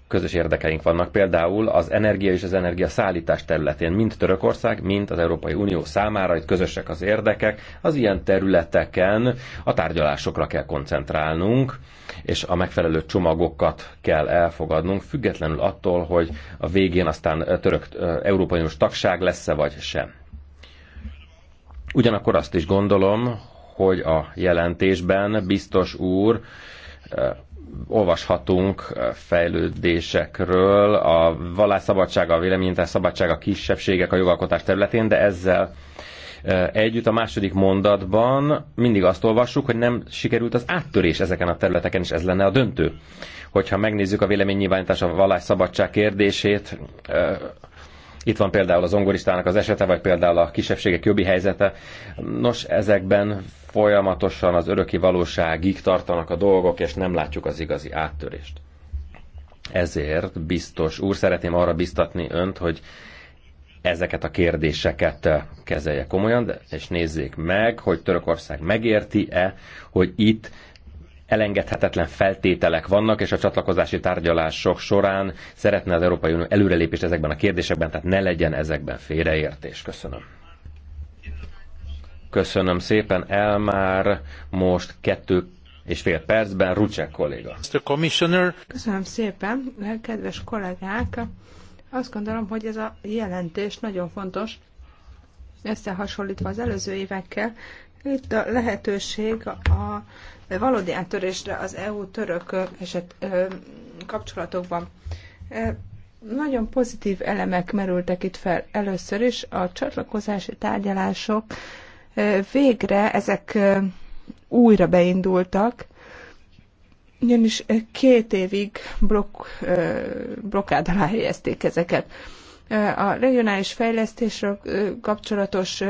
közös érdekeink vannak, például az energia és az energia szállítás területén, mind Törökország, mind az Európai Unió számára, itt közösek az érdekek, az ilyen területeken a tárgyalásokra kell koncentrálnunk, és a megfelelő csomagokat kell elfogadnunk, függetlenül attól, hogy a végén aztán török Európai Uniós tagság lesz-e vagy sem. Ugyanakkor azt is gondolom, hogy a jelentésben biztos úr olvashatunk fejlődésekről, a szabadsága, a véleményintás szabadsága, a kisebbségek a jogalkotás területén, de ezzel együtt a második mondatban mindig azt olvassuk, hogy nem sikerült az áttörés ezeken a területeken, és ez lenne a döntő. Hogyha megnézzük a véleménynyilvánítás, a vallásszabadság kérdését, itt van például az ongoristának az esete, vagy például a kisebbségek jobbi helyzete. Nos, ezekben folyamatosan az öröki valóságig tartanak a dolgok, és nem látjuk az igazi áttörést. Ezért biztos úr, szeretném arra biztatni önt, hogy ezeket a kérdéseket kezelje komolyan, de, és nézzék meg, hogy Törökország megérti-e, hogy itt elengedhetetlen feltételek vannak, és a csatlakozási tárgyalások során szeretne az Európai Unió előrelépést ezekben a kérdésekben, tehát ne legyen ezekben félreértés. Köszönöm. Köszönöm szépen, Elmár, most kettő és fél percben Rucsek kolléga. Köszönöm szépen, kedves kollégák! Azt gondolom, hogy ez a jelentés nagyon fontos, összehasonlítva az előző évekkel. Itt a lehetőség a valódi áttörésre az EU-török eset kapcsolatokban. Nagyon pozitív elemek merültek itt fel először is. A csatlakozási tárgyalások végre ezek újra beindultak, ugyanis két évig blokk, blokkád alá helyezték ezeket. A regionális fejlesztésről kapcsolatos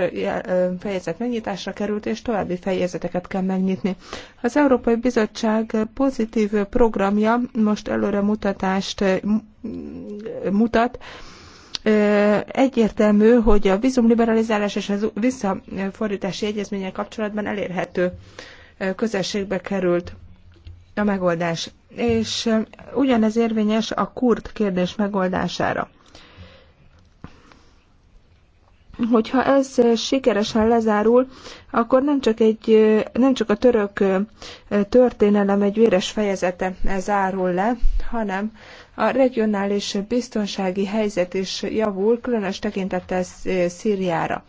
fejezet megnyitásra került, és további fejezeteket kell megnyitni. Az Európai Bizottság pozitív programja most előre mutatást mutat, egyértelmű, hogy a vízumliberalizálás és a visszafordítási egyezménnyel kapcsolatban elérhető közelségbe került a megoldás. És ugyanez érvényes a kurd kérdés megoldására. Hogyha ez sikeresen lezárul, akkor nem csak, egy, nem csak a török történelem egy véres fejezete zárul le, hanem a regionális biztonsági helyzet is javul, különös tekintettel Szíriára.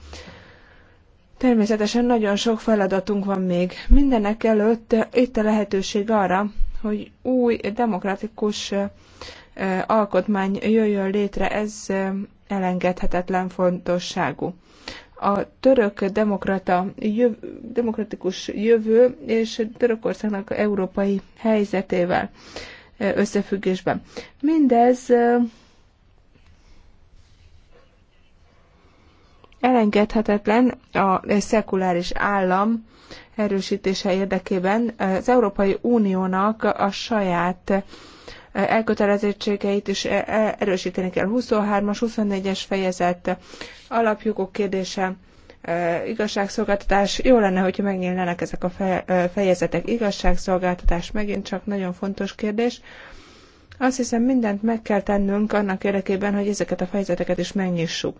Természetesen nagyon sok feladatunk van még. Mindenek előtt itt a lehetőség arra, hogy új demokratikus alkotmány jöjjön létre, ez elengedhetetlen fontosságú. A török demokrata, jöv, demokratikus jövő és Törökországnak európai helyzetével összefüggésben. Mindez elengedhetetlen a szekuláris állam erősítése érdekében az Európai Uniónak a saját elkötelezettségeit is erősíteni kell. 23-as, 24-es fejezet alapjogok kérdése, igazságszolgáltatás, jó lenne, hogyha megnyílnának ezek a fejezetek. Igazságszolgáltatás megint csak nagyon fontos kérdés. Azt hiszem, mindent meg kell tennünk annak érdekében, hogy ezeket a fejezeteket is megnyissuk.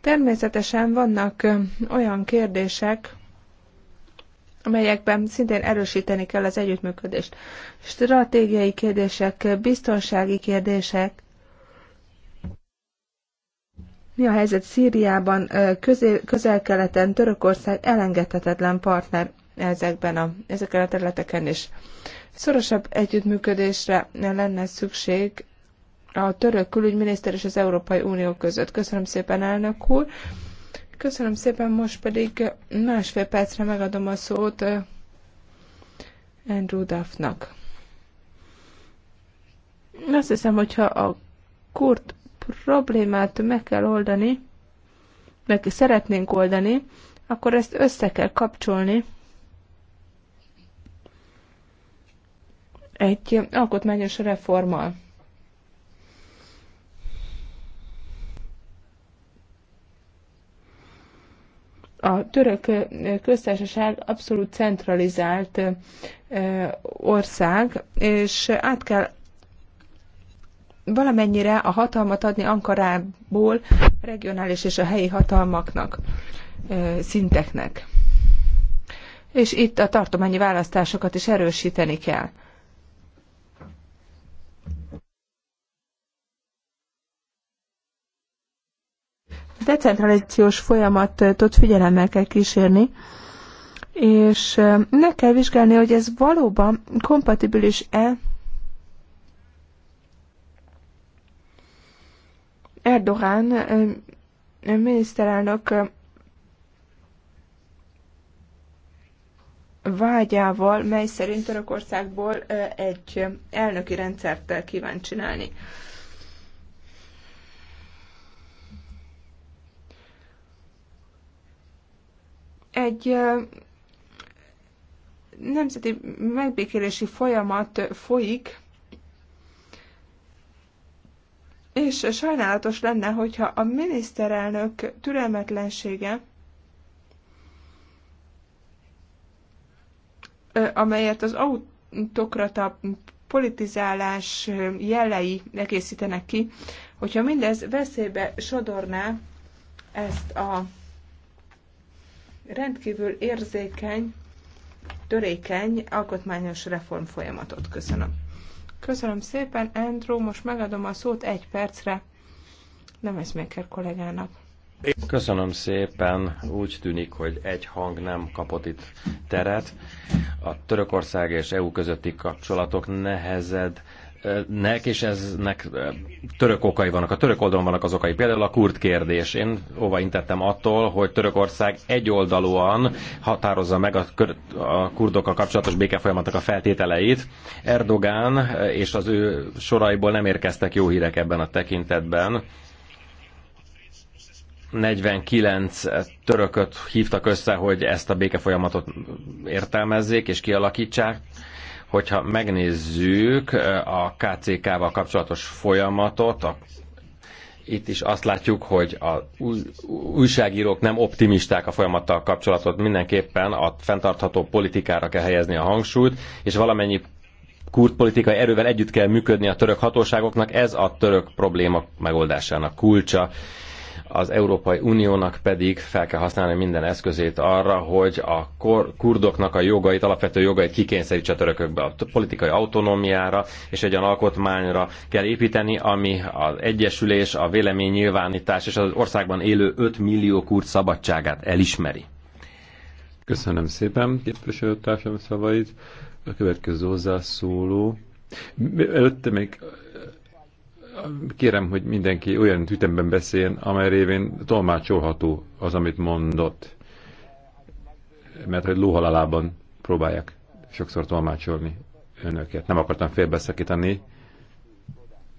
Természetesen vannak olyan kérdések, amelyekben szintén erősíteni kell az együttműködést. Stratégiai kérdések, biztonsági kérdések, mi a helyzet Szíriában, közel-keleten, Törökország elengedhetetlen partner ezekben a, ezeken a területeken is. Szorosabb együttműködésre lenne szükség a török külügyminiszter és az Európai Unió között. Köszönöm szépen, elnök úr! Köszönöm szépen, most pedig másfél percre megadom a szót Andrew Duffnak. Azt hiszem, hogyha a kurt problémát meg kell oldani, meg szeretnénk oldani, akkor ezt össze kell kapcsolni egy alkotmányos reformmal. a török köztársaság abszolút centralizált ország, és át kell valamennyire a hatalmat adni Ankarából regionális és a helyi hatalmaknak, szinteknek. És itt a tartományi választásokat is erősíteni kell. A decentralizációs folyamatot figyelemmel kell kísérni, és meg kell vizsgálni, hogy ez valóban kompatibilis-e Erdogan miniszterelnök vágyával, mely szerint Törökországból egy elnöki rendszert kíván csinálni. Egy nemzeti megbékélési folyamat folyik, És sajnálatos lenne, hogyha a miniszterelnök türelmetlensége, amelyet az autokrata politizálás jelei egészítenek ki, hogyha mindez veszélybe sodorná ezt a rendkívül érzékeny, törékeny alkotmányos reform folyamatot. Köszönöm. Köszönöm szépen, Andrew, most megadom a szót egy percre. Nem ez Maker kollégának. Köszönöm szépen. Úgy tűnik, hogy egy hang nem kapott itt teret. A Törökország és EU közötti kapcsolatok nehezed nek, és eznek török okai vannak. A török oldalon vannak az okai. Például a kurd kérdés. Én óva intettem attól, hogy Törökország egyoldalúan határozza meg a, a kurdokkal kapcsolatos békefolyamatok a feltételeit. Erdogán és az ő soraiból nem érkeztek jó hírek ebben a tekintetben. 49 törököt hívtak össze, hogy ezt a békefolyamatot értelmezzék és kialakítsák. Hogyha megnézzük a KCK-val kapcsolatos folyamatot, a itt is azt látjuk, hogy a újságírók nem optimisták a folyamattal kapcsolatot, mindenképpen a fenntartható politikára kell helyezni a hangsúlyt, és valamennyi kurd politikai erővel együtt kell működni a török hatóságoknak, ez a török probléma megoldásának kulcsa az Európai Uniónak pedig fel kell használni minden eszközét arra, hogy a kurdoknak a jogait, alapvető jogait kikényszerítse a törökökbe a politikai autonómiára, és egy olyan alkotmányra kell építeni, ami az egyesülés, a véleménynyilvánítás és az országban élő 5 millió kurd szabadságát elismeri. Köszönöm szépen képviselőtársam szavait. A következő hozzászóló. Előtte még kérem, hogy mindenki olyan ütemben beszéljen, amely révén tolmácsolható az, amit mondott. Mert hogy lóhalálában próbálják sokszor tolmácsolni önöket. Nem akartam félbeszakítani,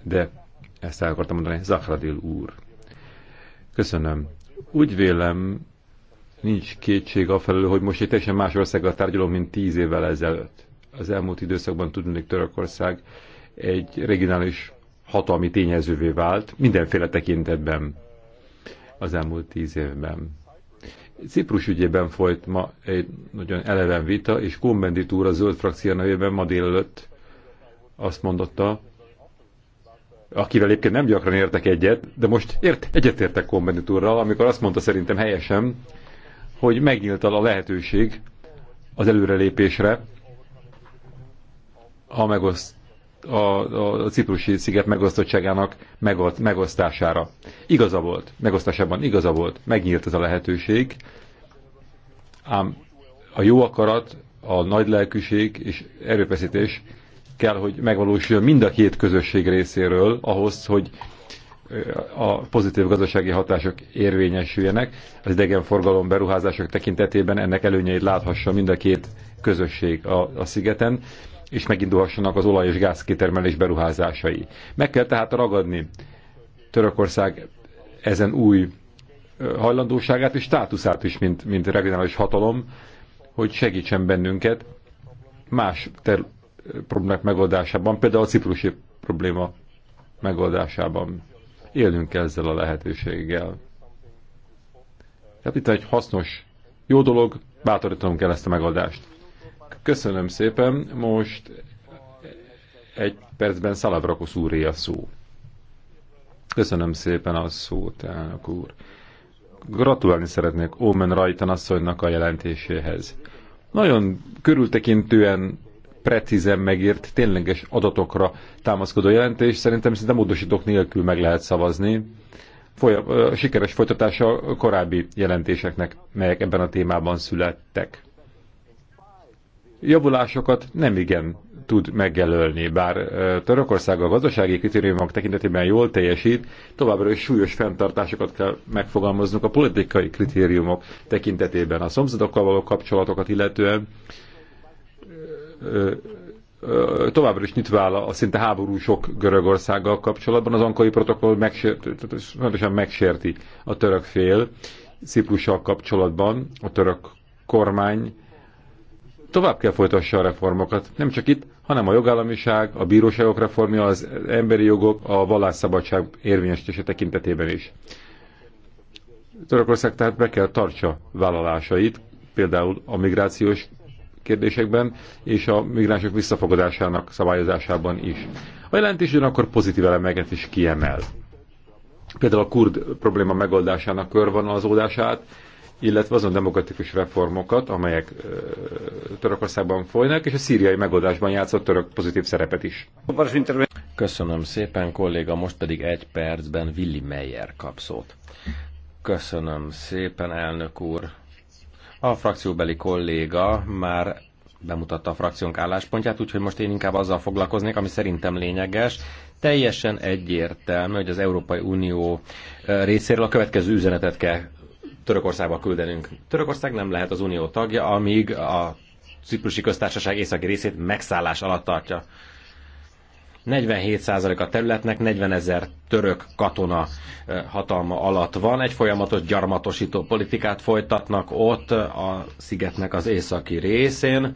de ezt el akartam mondani. Zahradil úr. Köszönöm. Úgy vélem, nincs kétség afelől, hogy most egy teljesen más országgal tárgyalom, mint tíz évvel ezelőtt. Az elmúlt időszakban tudnék Törökország egy regionális hatalmi tényezővé vált mindenféle tekintetben az elmúlt tíz évben. Ciprus ügyében folyt ma egy nagyon eleven vita, és Kumbendit úr a zöld frakció nevében ma délelőtt azt mondotta, akivel egyébként nem gyakran értek egyet, de most ért, egyetértek Kumbendit úrral, amikor azt mondta szerintem helyesen, hogy megnyílt a lehetőség az előrelépésre a megoszt a, a, a ciprusi sziget megosztottságának megoszt, megosztására. Igaza volt, megosztásában igaza volt, megnyílt ez a lehetőség, ám a jó akarat, a nagy lelkűség és erőfeszítés kell, hogy megvalósuljon mind a két közösség részéről ahhoz, hogy a pozitív gazdasági hatások érvényesüljenek. Az idegenforgalom beruházások tekintetében ennek előnyeit láthassa mind a két közösség a, a szigeten és megindulhassanak az olaj- és gázkitermelés beruházásai. Meg kell tehát ragadni Törökország ezen új hajlandóságát és státuszát is, mint, mint regionális hatalom, hogy segítsen bennünket más ter- problémák megoldásában, például a ciprusi probléma megoldásában. Élnünk ezzel a lehetőséggel. Tehát itt egy hasznos, jó dolog, bátorítanunk kell ezt a megoldást. Köszönöm szépen. Most egy percben Szalavrakosz úré a szó. Köszönöm szépen a szót, elnök úr. Gratulálni szeretnék Omen Rajtan asszonynak a jelentéséhez. Nagyon körültekintően precízen megírt, tényleges adatokra támaszkodó jelentés. Szerintem szinte módosítók nélkül meg lehet szavazni. Foly- sikeres folytatása a korábbi jelentéseknek, melyek ebben a témában születtek javulásokat nem igen tud megjelölni, bár Törökország a gazdasági kritériumok tekintetében jól teljesít, továbbra is súlyos fenntartásokat kell megfogalmaznunk a politikai kritériumok tekintetében. A szomszédokkal való kapcsolatokat illetően továbbra is nyitva áll a szinte háborúsok Görögországgal kapcsolatban. Az ankai protokoll megsérti, megsérti a török fél. Ciprussal kapcsolatban a török kormány tovább kell folytassa a reformokat, nem csak itt, hanem a jogállamiság, a bíróságok reformja, az emberi jogok, a vallásszabadság érvényesítése tekintetében is. Törökország tehát be kell tartsa vállalásait, például a migrációs kérdésekben és a migránsok visszafogadásának szabályozásában is. A jelentés ugyanakkor pozitív elemeket is kiemel. Például a kurd probléma megoldásának körvonalazódását, illetve azon demokratikus reformokat, amelyek Törökországban folynak, és a szíriai megoldásban játszott török pozitív szerepet is. Köszönöm szépen, kolléga, most pedig egy percben Willi Meyer kap szót. Köszönöm szépen, elnök úr. A frakcióbeli kolléga már bemutatta a frakciónk álláspontját, úgyhogy most én inkább azzal foglalkoznék, ami szerintem lényeges. Teljesen egyértelmű, hogy az Európai Unió részéről a következő üzenetet kell Törökországba küldenünk. Törökország nem lehet az unió tagja, amíg a ciprusi köztársaság északi részét megszállás alatt tartja. 47% a területnek 40 ezer török katona hatalma alatt van. Egy folyamatos gyarmatosító politikát folytatnak ott a szigetnek az északi részén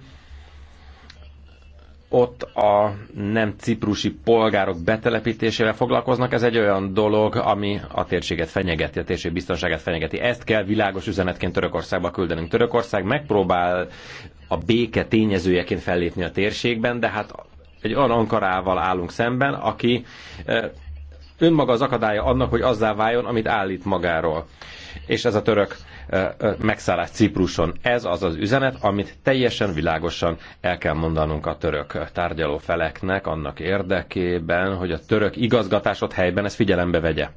ott a nem ciprusi polgárok betelepítésével foglalkoznak. Ez egy olyan dolog, ami a térséget fenyegeti, a térség biztonságát fenyegeti. Ezt kell világos üzenetként Törökországba küldenünk. Törökország megpróbál a béke tényezőjeként fellépni a térségben, de hát egy olyan Ankarával állunk szemben, aki eh, önmaga az akadálya annak, hogy azzá váljon, amit állít magáról. És ez a török megszállás Cipruson. Ez az az üzenet, amit teljesen világosan el kell mondanunk a török tárgyaló feleknek annak érdekében, hogy a török igazgatásot helyben ezt figyelembe vegye.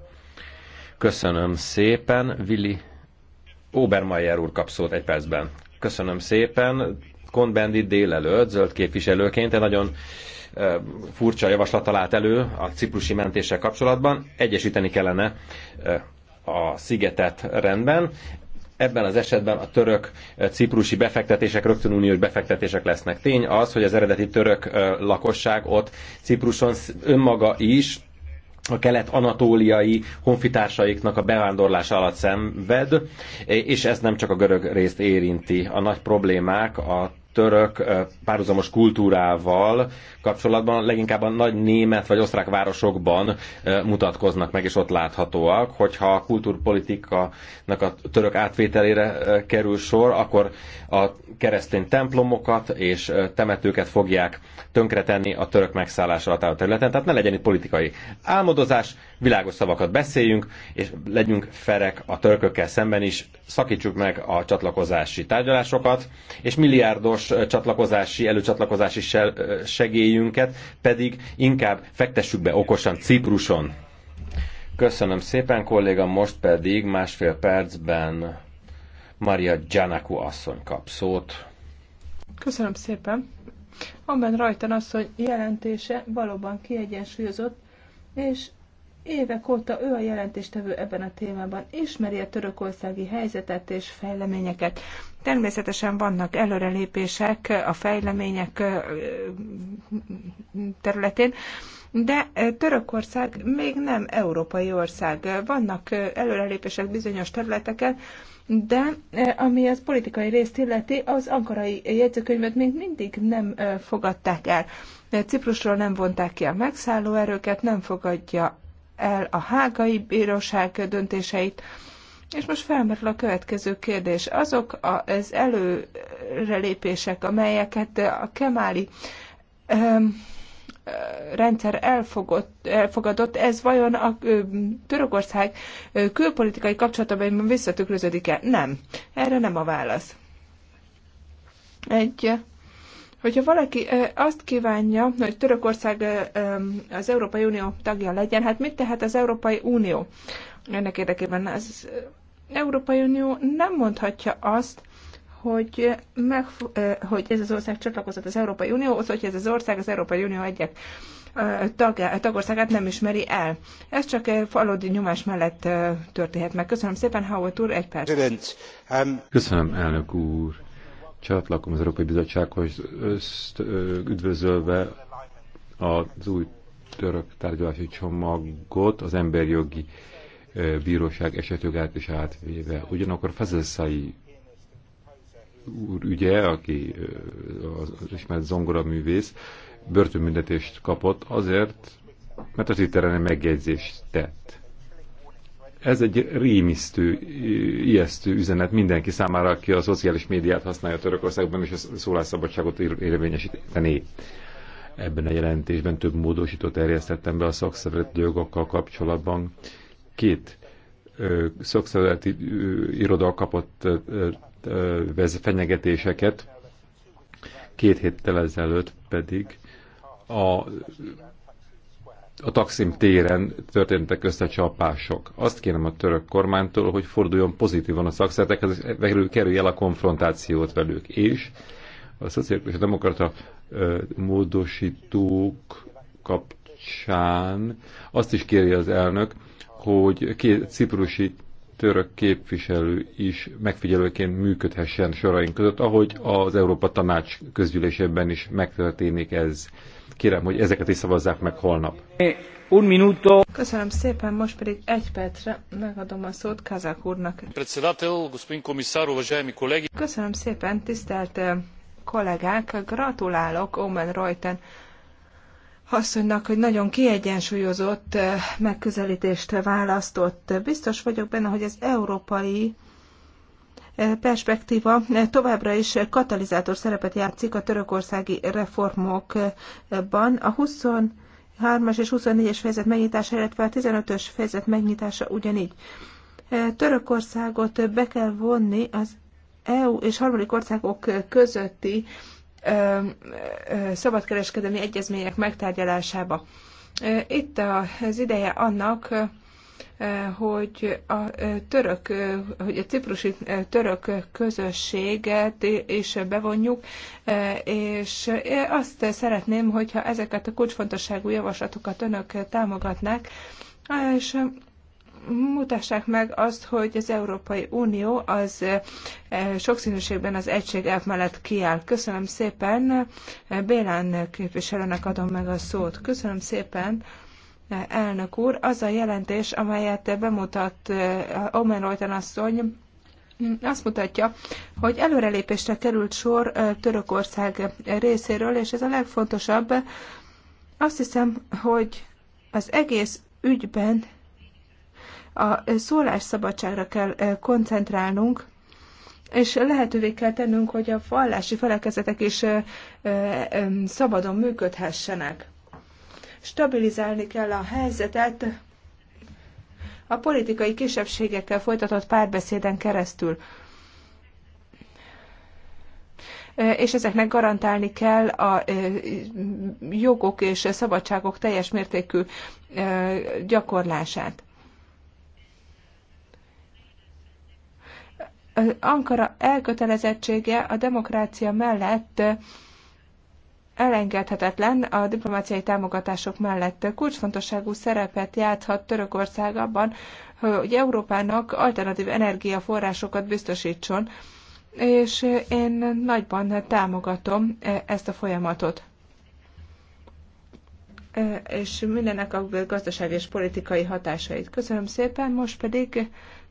Köszönöm szépen, Vili Obermeyer úr kap szót egy percben. Köszönöm szépen, Bendit délelőtt zöld képviselőként egy nagyon furcsa javaslat talált elő a ciprusi mentéssel kapcsolatban. Egyesíteni kellene a szigetet rendben ebben az esetben a török eh, ciprusi befektetések rögtön uniós befektetések lesznek. Tény az, hogy az eredeti török eh, lakosság ott Cipruson önmaga is a kelet-anatóliai honfitársaiknak a bevándorlás alatt szenved, és ez nem csak a görög részt érinti. A nagy problémák a török párhuzamos kultúrával kapcsolatban leginkább a nagy német vagy osztrák városokban mutatkoznak meg, és ott láthatóak, hogyha a kultúrpolitikának a török átvételére kerül sor, akkor a keresztény templomokat és temetőket fogják tönkretenni a török megszállás alatt álló területen. Tehát ne legyen itt politikai álmodozás, világos szavakat beszéljünk, és legyünk ferek a törökökkel szemben is, szakítsuk meg a csatlakozási tárgyalásokat, és milliárdos gyors csatlakozási, előcsatlakozási segélyünket, pedig inkább fektessük be okosan Cipruson. Köszönöm szépen, kolléga, most pedig másfél percben Maria Gianaku asszony kap szót. Köszönöm szépen. Amben az, hogy jelentése valóban kiegyensúlyozott, és évek óta ő a jelentéstevő ebben a témában, ismeri a törökországi helyzetet és fejleményeket. Természetesen vannak előrelépések a fejlemények területén, de Törökország még nem európai ország. Vannak előrelépések bizonyos területeken, de ami az politikai részt illeti, az ankarai jegyzőkönyvet még mindig nem fogadták el. Ciprusról nem vonták ki a megszálló erőket, nem fogadja el a hágai bíróság döntéseit, és most felmerül a következő kérdés. Azok az előrelépések, amelyeket a kemáli rendszer elfogott, elfogadott, ez vajon a Törökország külpolitikai kapcsolataiban visszatükröződik-e? Nem. Erre nem a válasz. Egy Hogyha valaki azt kívánja, hogy Törökország az Európai Unió tagja legyen, hát mit tehet az Európai Unió? Ennek érdekében az Európai Unió nem mondhatja azt, hogy, meg, hogy ez az ország csatlakozott az Európai Unióhoz, hogy ez az ország az Európai Unió egyik tag, tagországát nem ismeri el. Ez csak valódi nyomás mellett történhet meg. Köszönöm szépen, Howard úr, egy perc. Um, Köszönöm, elnök úr. Csatlakom az Európai Bizottsághoz, öszt, üdvözölve az új török tárgyalási csomagot, az emberjogi bíróság esetjogát is átvéve. Ugyanakkor Fezeszai úr ügye, aki az ismert zongora művész, börtönbüntetést kapott azért, mert a Twitteren megjegyzést tett. Ez egy rémisztő, ijesztő üzenet mindenki számára, aki a szociális médiát használja Törökországban, és a szólásszabadságot érvényesíteni. Ebben a jelentésben több módosítót terjesztettem be a szakszervezeti jogokkal kapcsolatban, Két szokszolati iroda kapott fenyegetéseket, két héttel ezelőtt pedig a, a Taksim téren történtek összecsapások. Azt kérem a török kormánytól, hogy forduljon pozitívan a szakszertekhez, kerülj el a konfrontációt velük. És a szociális demokrata módosítók kapcsán azt is kéri az elnök, hogy két ciprusi török képviselő is megfigyelőként működhessen soraink között, ahogy az Európa Tanács közgyűlésében is megtörténik ez. Kérem, hogy ezeket is szavazzák meg holnap. Un minuto. Köszönöm szépen, most pedig egy percre megadom a szót Kazák úrnak. Köszönöm szépen, tisztelt eh, kollégák, gratulálok Omen Reuten asszonynak, hogy nagyon kiegyensúlyozott eh, megközelítést választott. Biztos vagyok benne, hogy az európai eh, perspektíva eh, továbbra is katalizátor szerepet játszik a törökországi reformokban. A 23-as és 24-es fejezet megnyitása, illetve a 15-ös fejezet megnyitása ugyanígy. Törökországot be kell vonni az EU és harmadik országok közötti szabadkereskedelmi egyezmények megtárgyalásába. Itt az ideje annak, hogy a török, hogy a ciprusi török közösséget is bevonjuk, és azt szeretném, hogyha ezeket a kulcsfontosságú javaslatokat önök támogatnák, és mutassák meg azt, hogy az Európai Unió az eh, sokszínűségben az egység elv mellett kiáll. Köszönöm szépen. Eh, Bélán képviselőnek adom meg a szót. Köszönöm szépen. Eh, elnök úr, az a jelentés, amelyet bemutat Omen Reuten asszony, azt mutatja, hogy előrelépésre került sor Törökország részéről, és ez a legfontosabb. Azt hiszem, hogy az egész ügyben a szólásszabadságra kell koncentrálnunk, és lehetővé kell tennünk, hogy a vallási felekezetek is szabadon működhessenek. Stabilizálni kell a helyzetet a politikai kisebbségekkel folytatott párbeszéden keresztül és ezeknek garantálni kell a jogok és szabadságok teljes mértékű gyakorlását. az Ankara elkötelezettsége a demokrácia mellett elengedhetetlen a diplomáciai támogatások mellett. Kulcsfontosságú szerepet játszhat Törökország abban, hogy Európának alternatív energiaforrásokat biztosítson, és én nagyban támogatom ezt a folyamatot. És mindennek a gazdasági és politikai hatásait. Köszönöm szépen, most pedig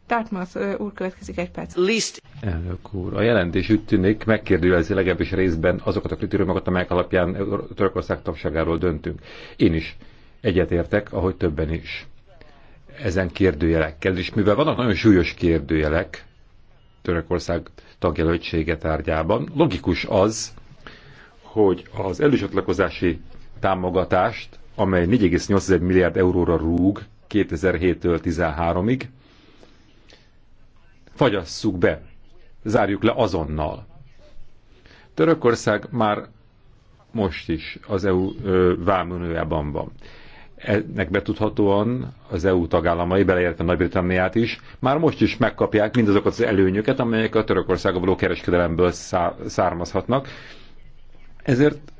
Dartmouth úr következik egy perc. List. Elnök úr, a jelentés úgy tűnik megkérdőjelezi legalábbis részben azokat a kritériumokat, amelyek alapján Törökország tagságáról döntünk. Én is egyetértek, ahogy többen is ezen kérdőjelekkel, és mivel vannak nagyon súlyos kérdőjelek Törökország tagjelöltsége tárgyában, logikus az, hogy az előcsatlakozási támogatást, amely 4,8 milliárd euróra rúg 2007-től 13-ig, fagyasszuk be, zárjuk le azonnal. Törökország már most is az EU vámunőjában van. Ennek betudhatóan az EU tagállamai, beleértve Nagy-Britanniát is, már most is megkapják mindazokat az előnyöket, amelyek a törökország való kereskedelemből származhatnak. Ezért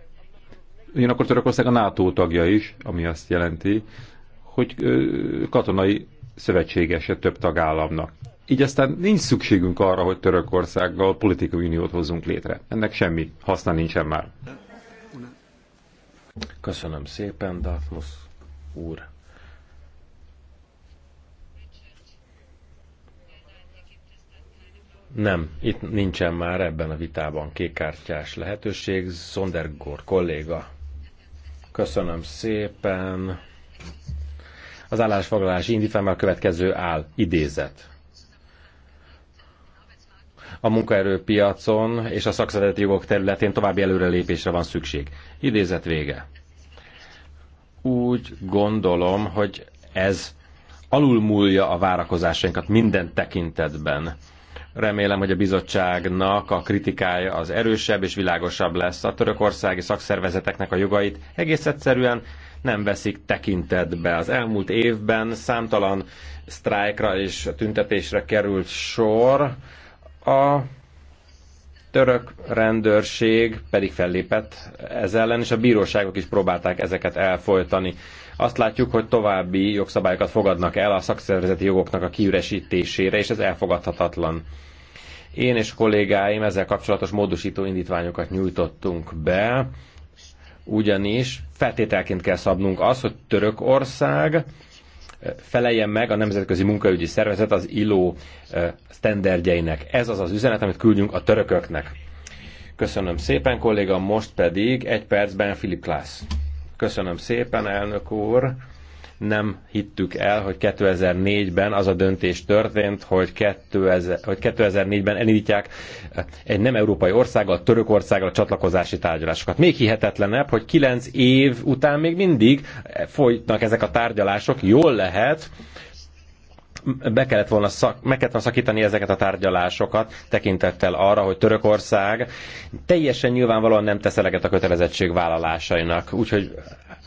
ugyanakkor Törökország a NATO tagja is, ami azt jelenti, hogy katonai szövetségese több tagállamnak. Így aztán nincs szükségünk arra, hogy Törökországgal politikai uniót hozzunk létre. Ennek semmi haszna nincsen már. Köszönöm szépen, Daphmus úr. Nem, itt nincsen már ebben a vitában kékkártyás lehetőség. Szondergor kolléga. Köszönöm szépen. Az állásfoglalási indítványban a következő áll idézet a munkaerőpiacon és a szakszereti jogok területén további előrelépésre van szükség. Idézet vége. Úgy gondolom, hogy ez alulmúlja a várakozásainkat minden tekintetben. Remélem, hogy a bizottságnak a kritikája az erősebb és világosabb lesz. A törökországi szakszervezeteknek a jogait egész egyszerűen nem veszik tekintetbe. Az elmúlt évben számtalan sztrájkra és tüntetésre került sor, a török rendőrség pedig fellépett ez ellen, és a bíróságok is próbálták ezeket elfolytani. Azt látjuk, hogy további jogszabályokat fogadnak el a szakszervezeti jogoknak a kiüresítésére, és ez elfogadhatatlan. Én és kollégáim ezzel kapcsolatos módosító indítványokat nyújtottunk be, ugyanis feltételként kell szabnunk az, hogy Törökország feleljen meg a Nemzetközi Munkaügyi Szervezet az ILO eh, sztenderdjeinek. Ez az az üzenet, amit küldjünk a törököknek. Köszönöm szépen, kolléga, most pedig egy percben Filip Klász. Köszönöm szépen, elnök úr nem hittük el, hogy 2004-ben az a döntés történt, hogy, 2000, hogy 2004-ben elindítják eh, egy nem európai országgal, Törökországgal csatlakozási tárgyalásokat. Még hihetetlenebb, hogy 9 év után még mindig eh, folytnak ezek a tárgyalások, jól lehet, be kellett volna szak, meg kellett volna szakítani ezeket a tárgyalásokat tekintettel arra, hogy Törökország teljesen nyilvánvalóan nem tesz eleget a kötelezettség vállalásainak. Úgyhogy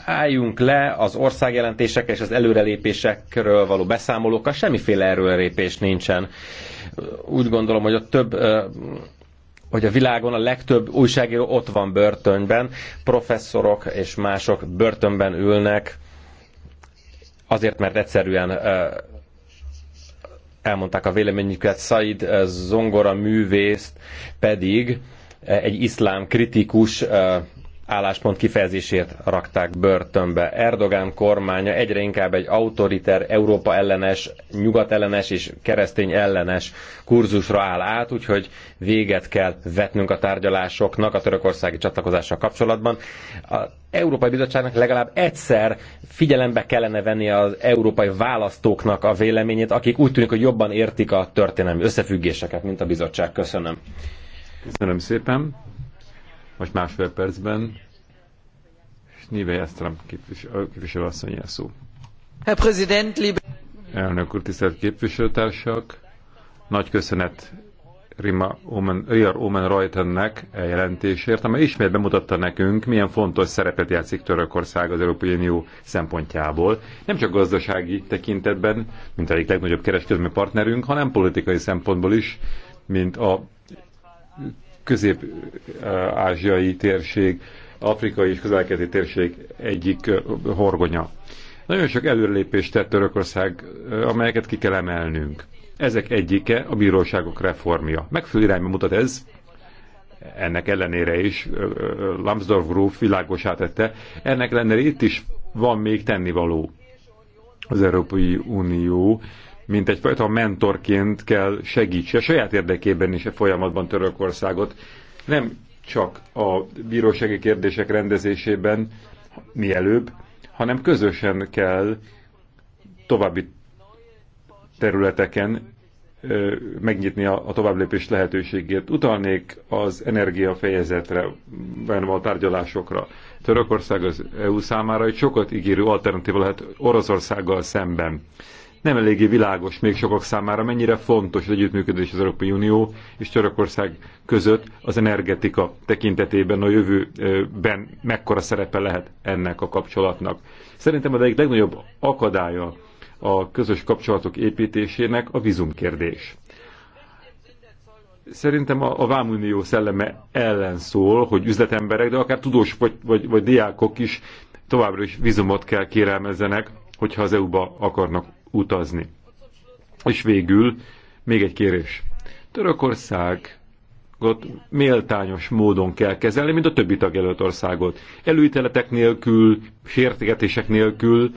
álljunk le az országjelentések és az előrelépésekről való beszámolókkal, semmiféle erőrelépés nincsen. Úgy gondolom, hogy a több hogy a világon a legtöbb újságíró ott van börtönben, professzorok és mások börtönben ülnek, azért, mert egyszerűen elmondták a véleményüket, Said Zongora művészt pedig egy iszlám kritikus álláspont kifejezését rakták börtönbe. Erdogán kormánya egyre inkább egy autoriter, Európa ellenes, nyugat ellenes és keresztény ellenes kurzusra áll át, úgyhogy véget kell vetnünk a tárgyalásoknak a törökországi csatlakozással kapcsolatban. A Európai Bizottságnak legalább egyszer figyelembe kellene venni az európai választóknak a véleményét, akik úgy tűnik, hogy jobban értik a történelmi összefüggéseket, mint a bizottság. Köszönöm. Köszönöm szépen most másfél percben. Snive Jastram képviselőasszony szó. Herr Präsident, liebe... Elnök úr, tisztelt képviselőtársak! Nagy köszönet Rima Omen, Riar Omen Reutennek eljelentésért, amely ismét bemutatta nekünk, milyen fontos szerepet játszik Törökország az Európai Unió szempontjából. Nem csak gazdasági tekintetben, mint egyik legnagyobb kereskedelmi partnerünk, hanem politikai szempontból is, mint a közép-ázsiai térség, afrikai és közelkezi térség egyik horgonya. Nagyon sok előrelépést tett Törökország, amelyeket ki kell emelnünk. Ezek egyike a bíróságok reformja. Megfelelő irányba mutat ez, ennek ellenére is Lambsdorff Group világosát tette, ennek ellenére itt is van még tennivaló. Az Európai Unió mint egyfajta mentorként kell segítse a saját érdekében is a folyamatban Törökországot, nem csak a bírósági kérdések rendezésében mielőbb, hanem közösen kell további területeken megnyitni a, a továbblépés lehetőségét. Utalnék az energiafejezetre, a tárgyalásokra. Törökország az EU számára egy sokat ígérő alternatíva lehet Oroszországgal szemben nem eléggé világos még sokak számára, mennyire fontos az együttműködés az Európai Unió és Törökország között az energetika tekintetében a jövőben mekkora szerepe lehet ennek a kapcsolatnak. Szerintem az egyik legnagyobb akadálya a közös kapcsolatok építésének a vízumkérdés. Szerintem a, a Vámunió szelleme ellen szól, hogy üzletemberek, de akár tudós vagy, vagy, vagy diákok is továbbra is vízumot kell kérelmezzenek, hogyha az EU-ba akarnak utazni. És végül még egy kérés. Törökország méltányos módon kell kezelni, mint a többi tagjelölt országot. Előíteletek nélkül, sértegetések nélkül,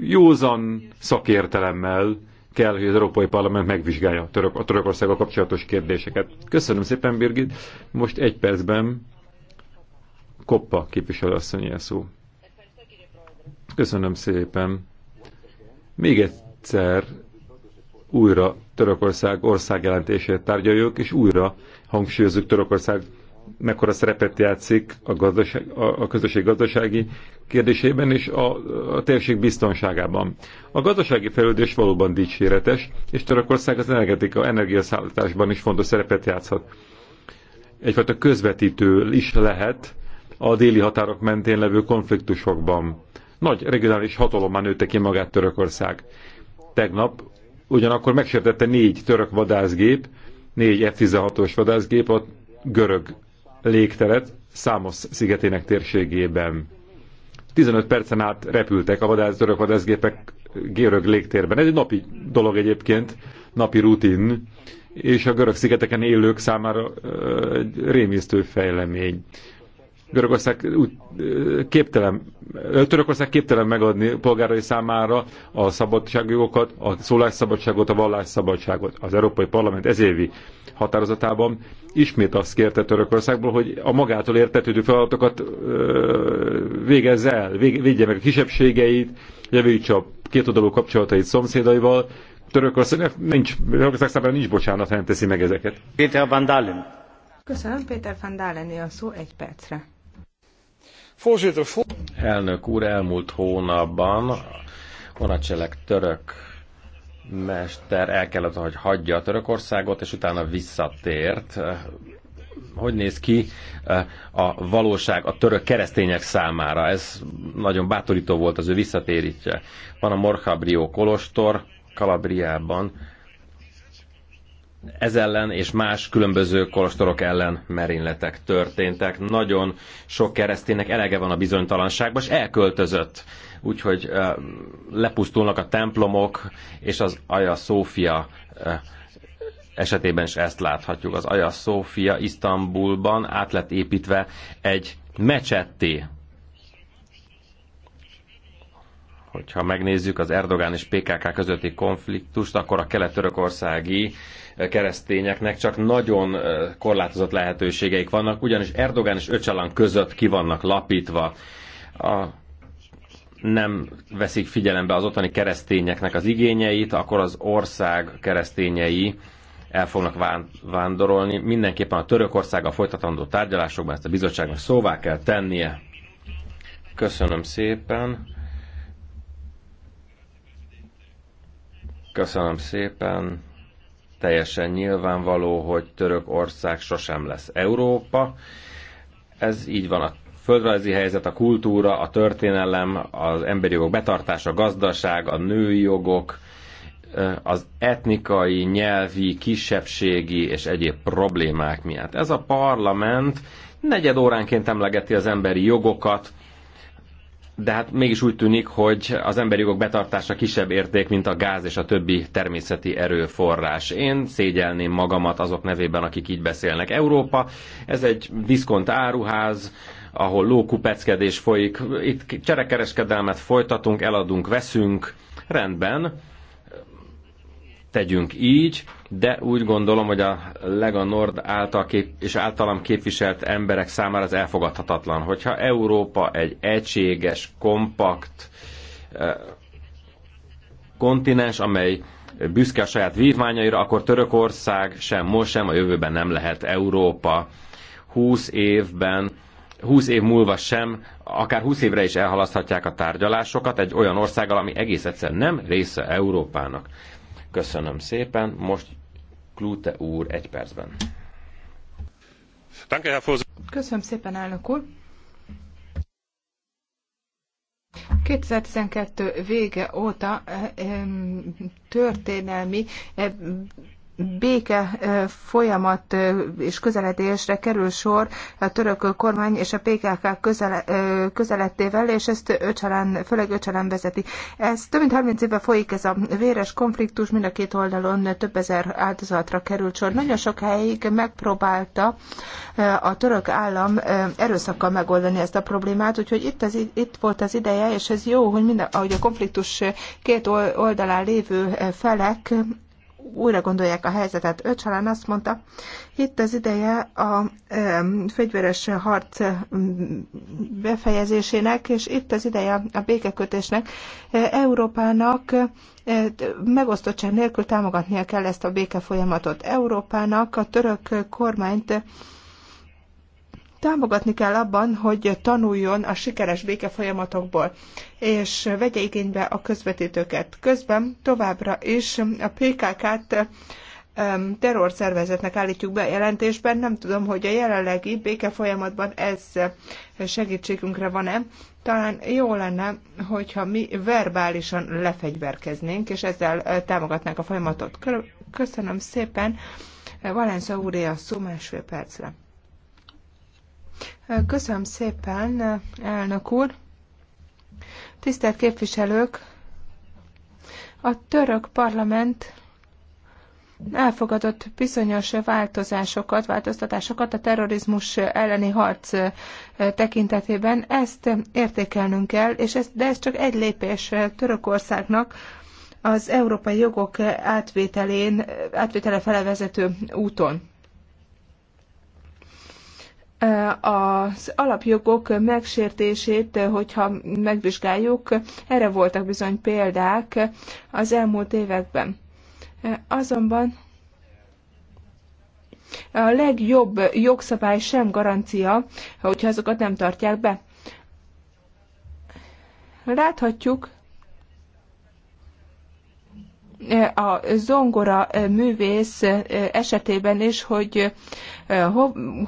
józan szakértelemmel kell, hogy az Európai Parlament megvizsgálja a, török, a Törökországgal kapcsolatos kérdéseket. Köszönöm szépen, Birgit. Most egy percben Koppa képviselőasszony szó. Köszönöm szépen. Még egyszer újra Törökország országjelentését tárgyaljuk, és újra hangsúlyozzuk Törökország mekkora szerepet játszik a, gazdaság, a közösség gazdasági kérdésében és a, a térség biztonságában. A gazdasági fejlődés valóban dicséretes, és Törökország az energetika, energiaszállításban is fontos szerepet játszhat. Egyfajta közvetítő is lehet a déli határok mentén levő konfliktusokban. Nagy regionális hatalommal nőtte ki magát Törökország. Tegnap ugyanakkor megsértette négy török vadászgép, négy F-16-os vadászgép a görög légteret számos szigetének térségében. 15 percen át repültek a vadász, török vadászgépek görög légtérben. Ez egy napi dolog egyébként, napi rutin, és a görög szigeteken élők számára egy rémisztő fejlemény. Görögország képtelen, Törökország képtelen megadni polgárai számára a szabadságjogokat, a szólásszabadságot, a vallásszabadságot. Az Európai Parlament ezévi határozatában ismét azt kérte Törökországból, hogy a magától értetődő feladatokat végezze el, védje meg a kisebbségeit, javítsa a kétoldalú kapcsolatait szomszédaival. Törökország, nincs, Törökország számára nincs bocsánat, ha nem teszi meg ezeket. Péter Van Dalen. Köszönöm, Péter Van Dalen, a szó egy percre. Elnök úr, elmúlt hónapban vonatcselek török mester el kellett, hogy hagyja a Törökországot, és utána visszatért. Hogy néz ki eh, a valóság a török keresztények számára? Ez nagyon bátorító volt az ő visszatérítje. Van a Morhabrió Kolostor, Kalabriában, ez ellen és más különböző kolostorok ellen merényletek történtek. Nagyon sok kereszténynek elege van a bizonytalanságban, és elköltözött. Úgyhogy lepusztulnak a templomok, és az Aja Szófia esetében is ezt láthatjuk. Az Aja Szófia Isztambulban át lett építve egy mecsetté. Hogyha megnézzük az Erdogán és PKK közötti konfliktust, akkor a kelet-törökországi keresztényeknek csak nagyon korlátozott lehetőségeik vannak, ugyanis Erdogán és Öcsalan között ki vannak lapítva. A nem veszik figyelembe az otthoni keresztényeknek az igényeit, akkor az ország keresztényei el fognak vándorolni. Mindenképpen a a folytatandó tárgyalásokban ezt a bizottságnak szóvá kell tennie. Köszönöm szépen. Köszönöm szépen teljesen nyilvánvaló, hogy Törökország sosem lesz Európa. Ez így van a földrajzi helyzet, a kultúra, a történelem, az emberi jogok betartása, a gazdaság, a női jogok, az etnikai, nyelvi, kisebbségi és egyéb problémák miatt. Ez a parlament negyed óránként emlegeti az emberi jogokat, de hát mégis úgy tűnik, hogy az emberi jogok betartása kisebb érték, mint a gáz és a többi természeti erőforrás. Én szégyelném magamat azok nevében, akik így beszélnek. Európa, ez egy diszkont áruház, ahol lókupeckedés folyik, itt cserekereskedelmet folytatunk, eladunk, veszünk, rendben, tegyünk így, de úgy gondolom, hogy a Lega Nord által kép, és általam képviselt emberek számára az elfogadhatatlan. Hogyha Európa egy egységes, kompakt eh, kontinens, amely büszke a saját vívmányaira, akkor Törökország sem, most sem, a jövőben nem lehet Európa. 20 évben 20 év múlva sem, akár 20 évre is elhalaszthatják a tárgyalásokat egy olyan országgal, ami egész egyszer nem része Európának. Köszönöm szépen, most Klute úr egy percben. Köszönöm szépen, elnök úr. 2012 vége óta eh, történelmi eh, béke folyamat és közeledésre kerül sor a török kormány és a PKK közele, közelettével, és ezt Öcsalán, főleg Öcsalán vezeti. Ez több mint 30 éve folyik ez a véres konfliktus, mind a két oldalon több ezer áldozatra került sor. Nagyon sok helyig megpróbálta a török állam erőszakkal megoldani ezt a problémát, úgyhogy itt, az, itt volt az ideje, és ez jó, hogy minden, ahogy a konfliktus két oldalán lévő felek újra gondolják a helyzetet. Öcsalán azt mondta, itt az ideje a fegyveres harc befejezésének, és itt az ideje a békekötésnek. E, Európának e, megosztottság nélkül támogatnia kell ezt a békefolyamatot. Európának a török kormányt támogatni kell abban, hogy tanuljon a sikeres békefolyamatokból, és vegye igénybe a közvetítőket. Közben továbbra is a PKK-t terrorszervezetnek állítjuk be a jelentésben. Nem tudom, hogy a jelenlegi békefolyamatban ez segítségünkre van-e. Talán jó lenne, hogyha mi verbálisan lefegyverkeznénk, és ezzel támogatnánk a folyamatot. Köszönöm szépen. Valenza úré a szó másfél percre. Köszönöm szépen, elnök úr. Tisztelt képviselők, a török parlament elfogadott bizonyos változásokat, változtatásokat a terrorizmus elleni harc eh, tekintetében. Ezt értékelnünk kell, és ez, de ez csak egy lépés eh, Törökországnak az európai jogok átvételén, eh, átvétele felevezető úton az alapjogok megsértését, hogyha megvizsgáljuk, erre voltak bizony példák az elmúlt években. Azonban a legjobb jogszabály sem garancia, hogyha azokat nem tartják be. Láthatjuk, a zongora művész esetében is, hogy,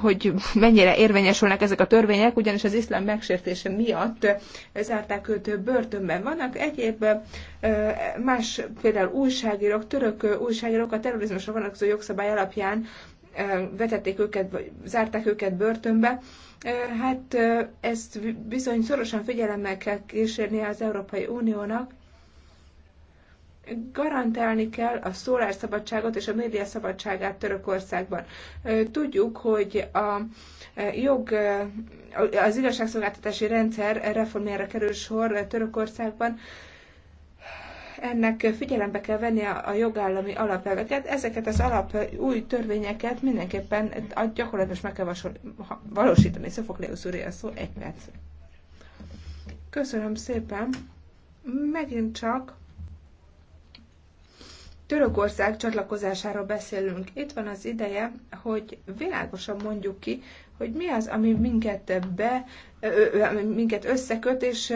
hogy mennyire érvényesülnek ezek a törvények, ugyanis az iszlám megsértése miatt zárták őt börtönben. Vannak egyéb más, például újságírók, török újságírók a terrorizmusra vonatkozó jogszabály alapján vetették őket, vagy zárták őket börtönbe. Hát ezt bizony szorosan figyelemmel kell kísérnie az Európai Uniónak, garantálni kell a szólásszabadságot és a média szabadságát Törökországban. Tudjuk, hogy a jog, az igazságszolgáltatási rendszer reformjára kerül sor Törökországban, ennek figyelembe kell venni a, jogállami alapelveket. Ezeket az alap új törvényeket mindenképpen a gyakorlatban meg kell valósítani. Szofokleusz úr, a szó egy perc. Köszönöm szépen. Megint csak Törökország csatlakozásáról beszélünk. Itt van az ideje, hogy világosan mondjuk ki, hogy mi az, ami minket be, minket összeköt, és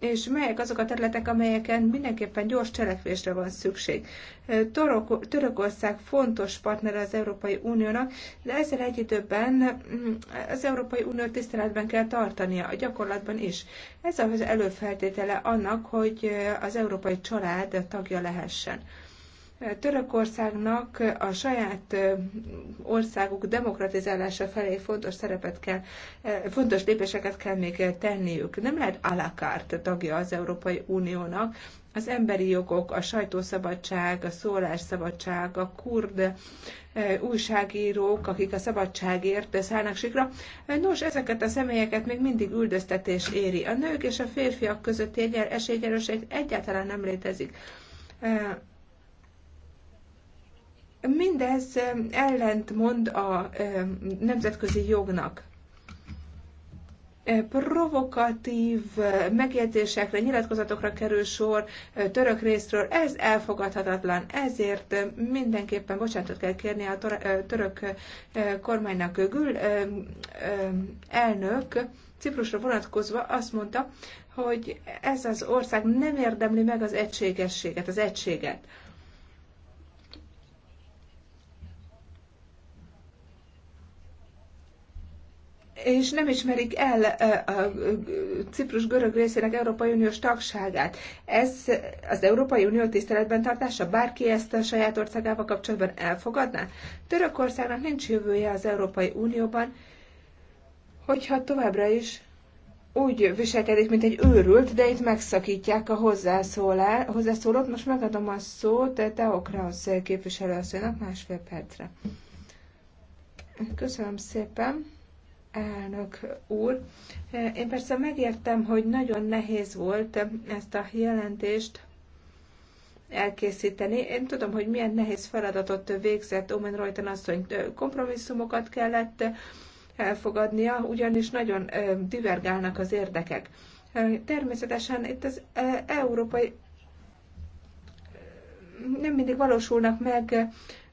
és melyek azok a területek, amelyeken mindenképpen gyors cselekvésre van szükség. Torok, Törökország fontos partnere az Európai Uniónak, de ezzel egy időben mm, az Európai Unió tiszteletben kell tartania a gyakorlatban is. Ez az előfeltétele annak, hogy az európai család tagja lehessen. Törökországnak a saját országuk demokratizálása felé fontos szerepet kell, fontos lépéseket kell még tenniük. Nem lehet alakárt tagja az Európai Uniónak. Az emberi jogok, a sajtószabadság, a szólásszabadság, a kurd újságírók, akik a szabadságért szállnak sikra. Nos, ezeket a személyeket még mindig üldöztetés éri. A nők és a férfiak közötti egyenlőség egyáltalán nem létezik Mindez ellentmond a nemzetközi jognak provokatív megjegyzésekre, nyilatkozatokra kerül sor török részről. Ez elfogadhatatlan, ezért mindenképpen bocsánatot kell kérni a török kormánynak. Gül elnök Ciprusra vonatkozva azt mondta, hogy ez az ország nem érdemli meg az egységességet, az egységet. és nem ismerik el a Ciprus görög részének Európai Uniós tagságát. Ez az Európai Unió tiszteletben tartása? Bárki ezt a saját országával kapcsolatban elfogadná? Törökországnak nincs jövője az Európai Unióban, hogyha továbbra is úgy viselkedik, mint egy őrült, de itt megszakítják a hozzászólót. Most megadom a szót Teokrausz képviselőasszonynak másfél percre. Köszönöm szépen elnök úr. Én persze megértem, hogy nagyon nehéz volt ezt a jelentést elkészíteni. Én tudom, hogy milyen nehéz feladatot végzett Omen Reuten asszony. Kompromisszumokat kellett elfogadnia, ugyanis nagyon divergálnak az érdekek. Természetesen itt az európai nem mindig valósulnak meg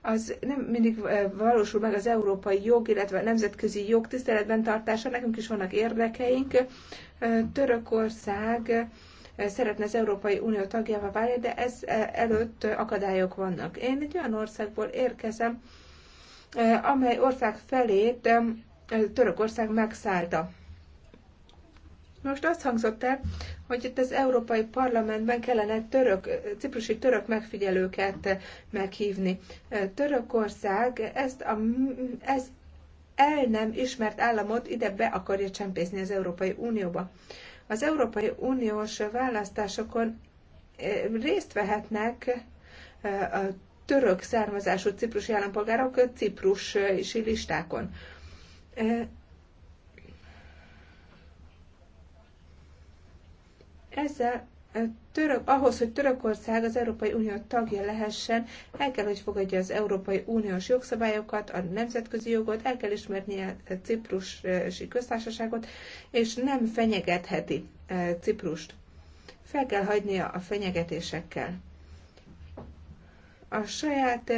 az nem mindig valósul meg az európai jog, illetve a nemzetközi jog tiszteletben tartása. Nekünk is vannak érdekeink. Törökország szeretne az Európai Unió tagjává válni, de ez előtt akadályok vannak. Én egy olyan országból érkezem, amely ország felét Törökország megszállta. Most azt hangzott el, hogy itt az Európai Parlamentben kellene török, ciprusi török megfigyelőket meghívni. Törökország ezt a, ez el nem ismert államot ide be akarja csempészni az Európai Unióba. Az Európai Uniós választásokon eh, részt vehetnek eh, a török származású ciprusi állampolgárok ciprusi eh, listákon. Ezzel török, ahhoz, hogy Törökország az Európai Unió tagja lehessen, el kell, hogy fogadja az Európai Uniós jogszabályokat, a nemzetközi jogot, el kell ismernie Ciprusi köztársaságot, és nem fenyegetheti Ciprust. Fel kell hagynia a fenyegetésekkel. A saját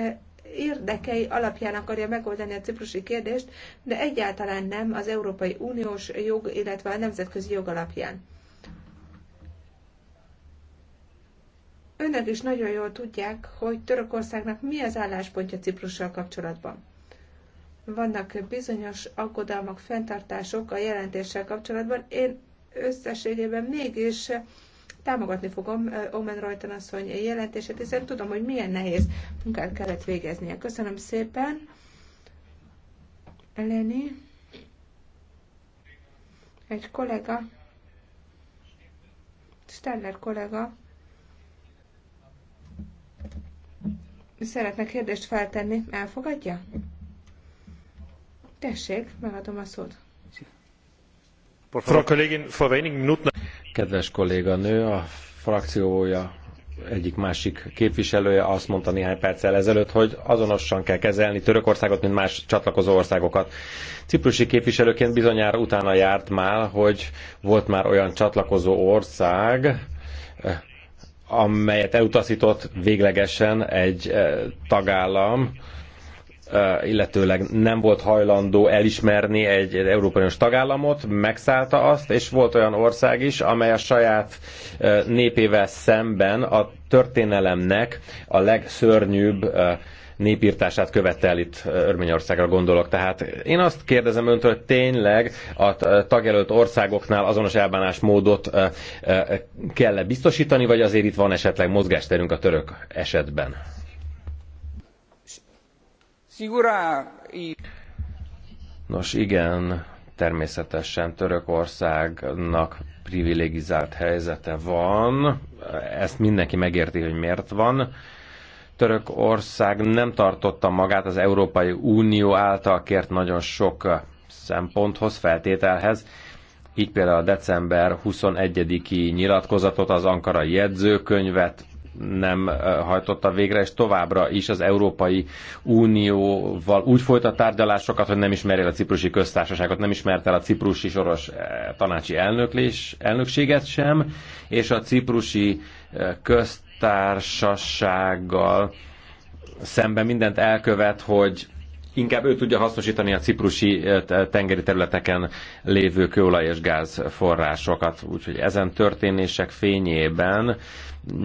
érdekei alapján akarja megoldani a ciprusi kérdést, de egyáltalán nem az Európai Uniós jog, illetve a nemzetközi jog alapján önök is nagyon jól tudják, hogy Törökországnak mi az álláspontja Ciprussal kapcsolatban. Vannak bizonyos aggodalmak, fenntartások a jelentéssel kapcsolatban. Én összességében mégis támogatni fogom Omen Rajtan asszony jelentését, hiszen tudom, hogy milyen nehéz munkát kellett végeznie. Köszönöm szépen. Eleni. Egy kollega, Steller kollega, szeretne kérdést feltenni. Elfogadja? Tessék, megadom a szót. Kedves kolléganő, a frakciója egyik másik képviselője azt mondta néhány perccel ezelőtt, hogy azonosan kell kezelni Törökországot, mint más csatlakozó országokat. Ciprusi képviselőként bizonyára utána járt már, hogy volt már olyan csatlakozó ország, amelyet elutasított véglegesen egy eh, tagállam, eh, illetőleg nem volt hajlandó elismerni egy Európai Uniós tagállamot, megszállta azt, és volt olyan ország is, amely a saját eh, népével szemben a történelemnek a legszörnyűbb népírtását el itt Örményországra gondolok. Tehát én azt kérdezem öntől, hogy tényleg a tagjelölt országoknál azonos elbánásmódot kell -e biztosítani, vagy azért itt van esetleg mozgásterünk a török esetben? Nos igen, természetesen Törökországnak privilegizált helyzete van. Ezt mindenki megérti, hogy miért van. Törökország nem tartotta magát az Európai Unió által kért nagyon sok szemponthoz, feltételhez, így például a december 21-i nyilatkozatot, az ankarai jegyzőkönyvet nem hajtotta végre, és továbbra is az Európai Unióval úgy folytat tárgyalásokat, hogy nem ismeri el a ciprusi köztársaságot, nem ismerte el a ciprusi soros tanácsi elnöklés, elnökséget sem, és a ciprusi közt társasággal szemben mindent elkövet, hogy inkább ő tudja hasznosítani a ciprusi eh, tengeri területeken lévő kőolaj és gáz forrásokat. Úgyhogy ezen történések fényében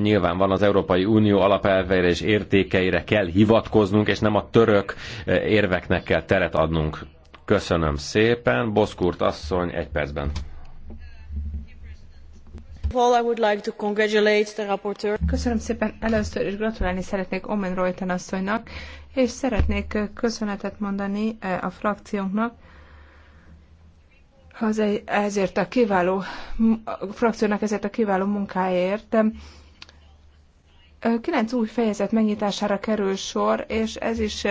nyilván van az Európai Unió alapelveire és értékeire kell hivatkoznunk, és nem a török eh, érveknek kell teret adnunk. Köszönöm szépen. Boszkurt asszony, egy percben. Köszönöm szépen. Először is gratulálni szeretnék Omen Reuten asszonynak, és szeretnék köszönetet mondani a frakciónknak, e- ezért a kiváló, a frakciónak ezért a kiváló munkáért. Kilenc új fejezet megnyitására kerül sor, és ez is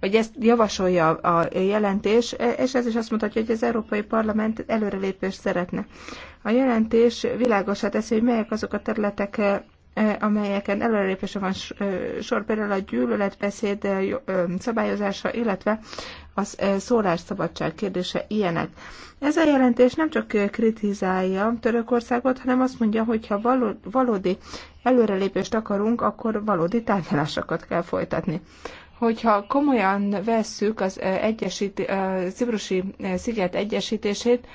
vagy ezt javasolja a jelentés, e- és ez is azt mutatja, hogy az Európai Parlament előrelépést szeretne. A jelentés világosat teszi, hogy melyek azok a területek, eh, eh, amelyeken előrelépésre van eh, sor, például a gyűlöletbeszéd szabályozása, illetve a szólásszabadság kérdése ilyenek. Ez a jelentés nem csak kritizálja Törökországot, hanem azt mondja, hogy ha valódi előrelépést akarunk, akkor valódi tárgyalásokat kell folytatni. Hogyha komolyan vesszük az egyesít, Ciprusi sziget egyesítését,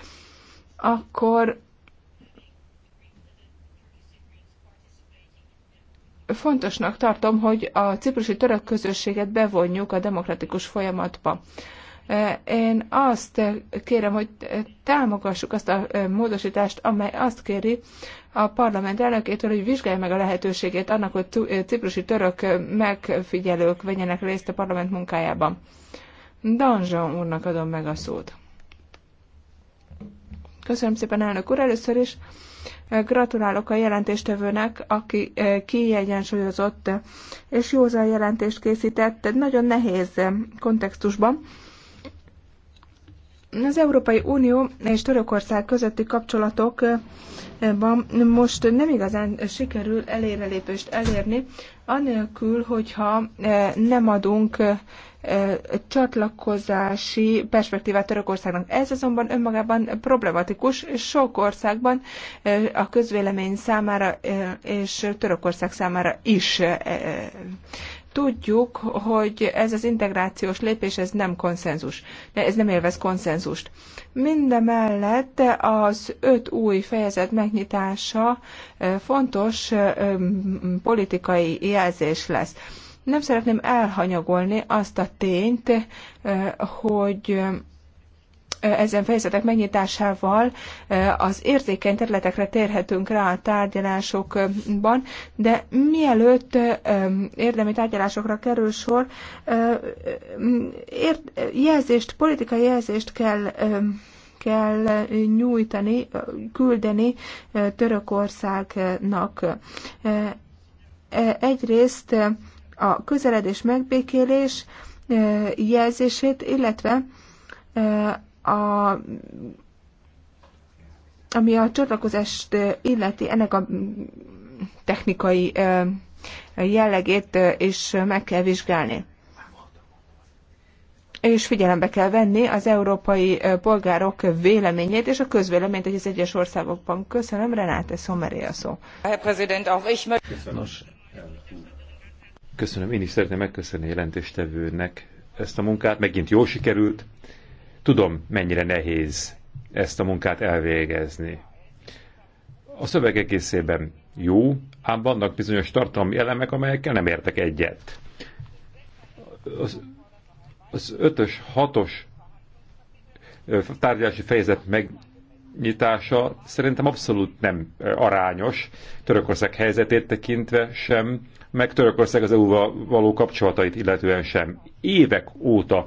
akkor fontosnak tartom, hogy a ciprusi török közösséget bevonjuk a demokratikus folyamatba. E, én azt kérem, hogy támogassuk azt a e, módosítást, amely azt kéri a parlament elnökétől, hogy vizsgálja meg a lehetőségét annak, hogy ciprusi török megfigyelők vegyenek részt a parlament munkájában. Danzsa úrnak adom meg a szót. Köszönöm szépen, elnök úr, először is. Gratulálok a jelentéstevőnek, aki eh, kiegyensúlyozott és józan jelentést készített, nagyon nehéz kontextusban. Az Európai Unió és Törökország közötti kapcsolatokban most nem igazán sikerül elérelépést elérni, anélkül, hogyha eh, nem adunk csatlakozási perspektívát Törökországnak. Ez azonban önmagában problematikus sok országban a közvélemény számára és Törökország számára is tudjuk, hogy ez az integrációs lépés, ez nem konszenzus, ez nem élvez konszenzust. Mindemellett az öt új fejezet megnyitása fontos politikai jelzés lesz. Nem szeretném elhanyagolni azt a tényt, eh, hogy eh, ezen fejezetek megnyitásával eh, az érzékeny területekre térhetünk rá a tárgyalásokban, de mielőtt érdemi tárgyalásokra kerül sor, jelzést, politikai jelzést kell kell nyújtani, küldeni Törökországnak. Egyrészt a közeledés megbékélés jelzését, illetve a, ami a csatlakozást illeti, ennek a technikai jellegét is meg kell vizsgálni. És figyelembe kell venni az európai polgárok véleményét és a közvéleményt, hogy az egyes országokban. Köszönöm, Renáte Szomeré a szó. Herr Präsident, auch ich möchte... Köszönöm, én is szeretném megköszönni a jelentéstevőnek ezt a munkát, megint jó sikerült. Tudom, mennyire nehéz ezt a munkát elvégezni. A szöveg egészében jó, ám vannak bizonyos tartalmi elemek, amelyekkel nem értek egyet. Az, az ötös, hatos tárgyalási fejezet megnyitása szerintem abszolút nem arányos Törökország helyzetét tekintve sem, meg Törökország az EU-val való kapcsolatait illetően sem. Évek óta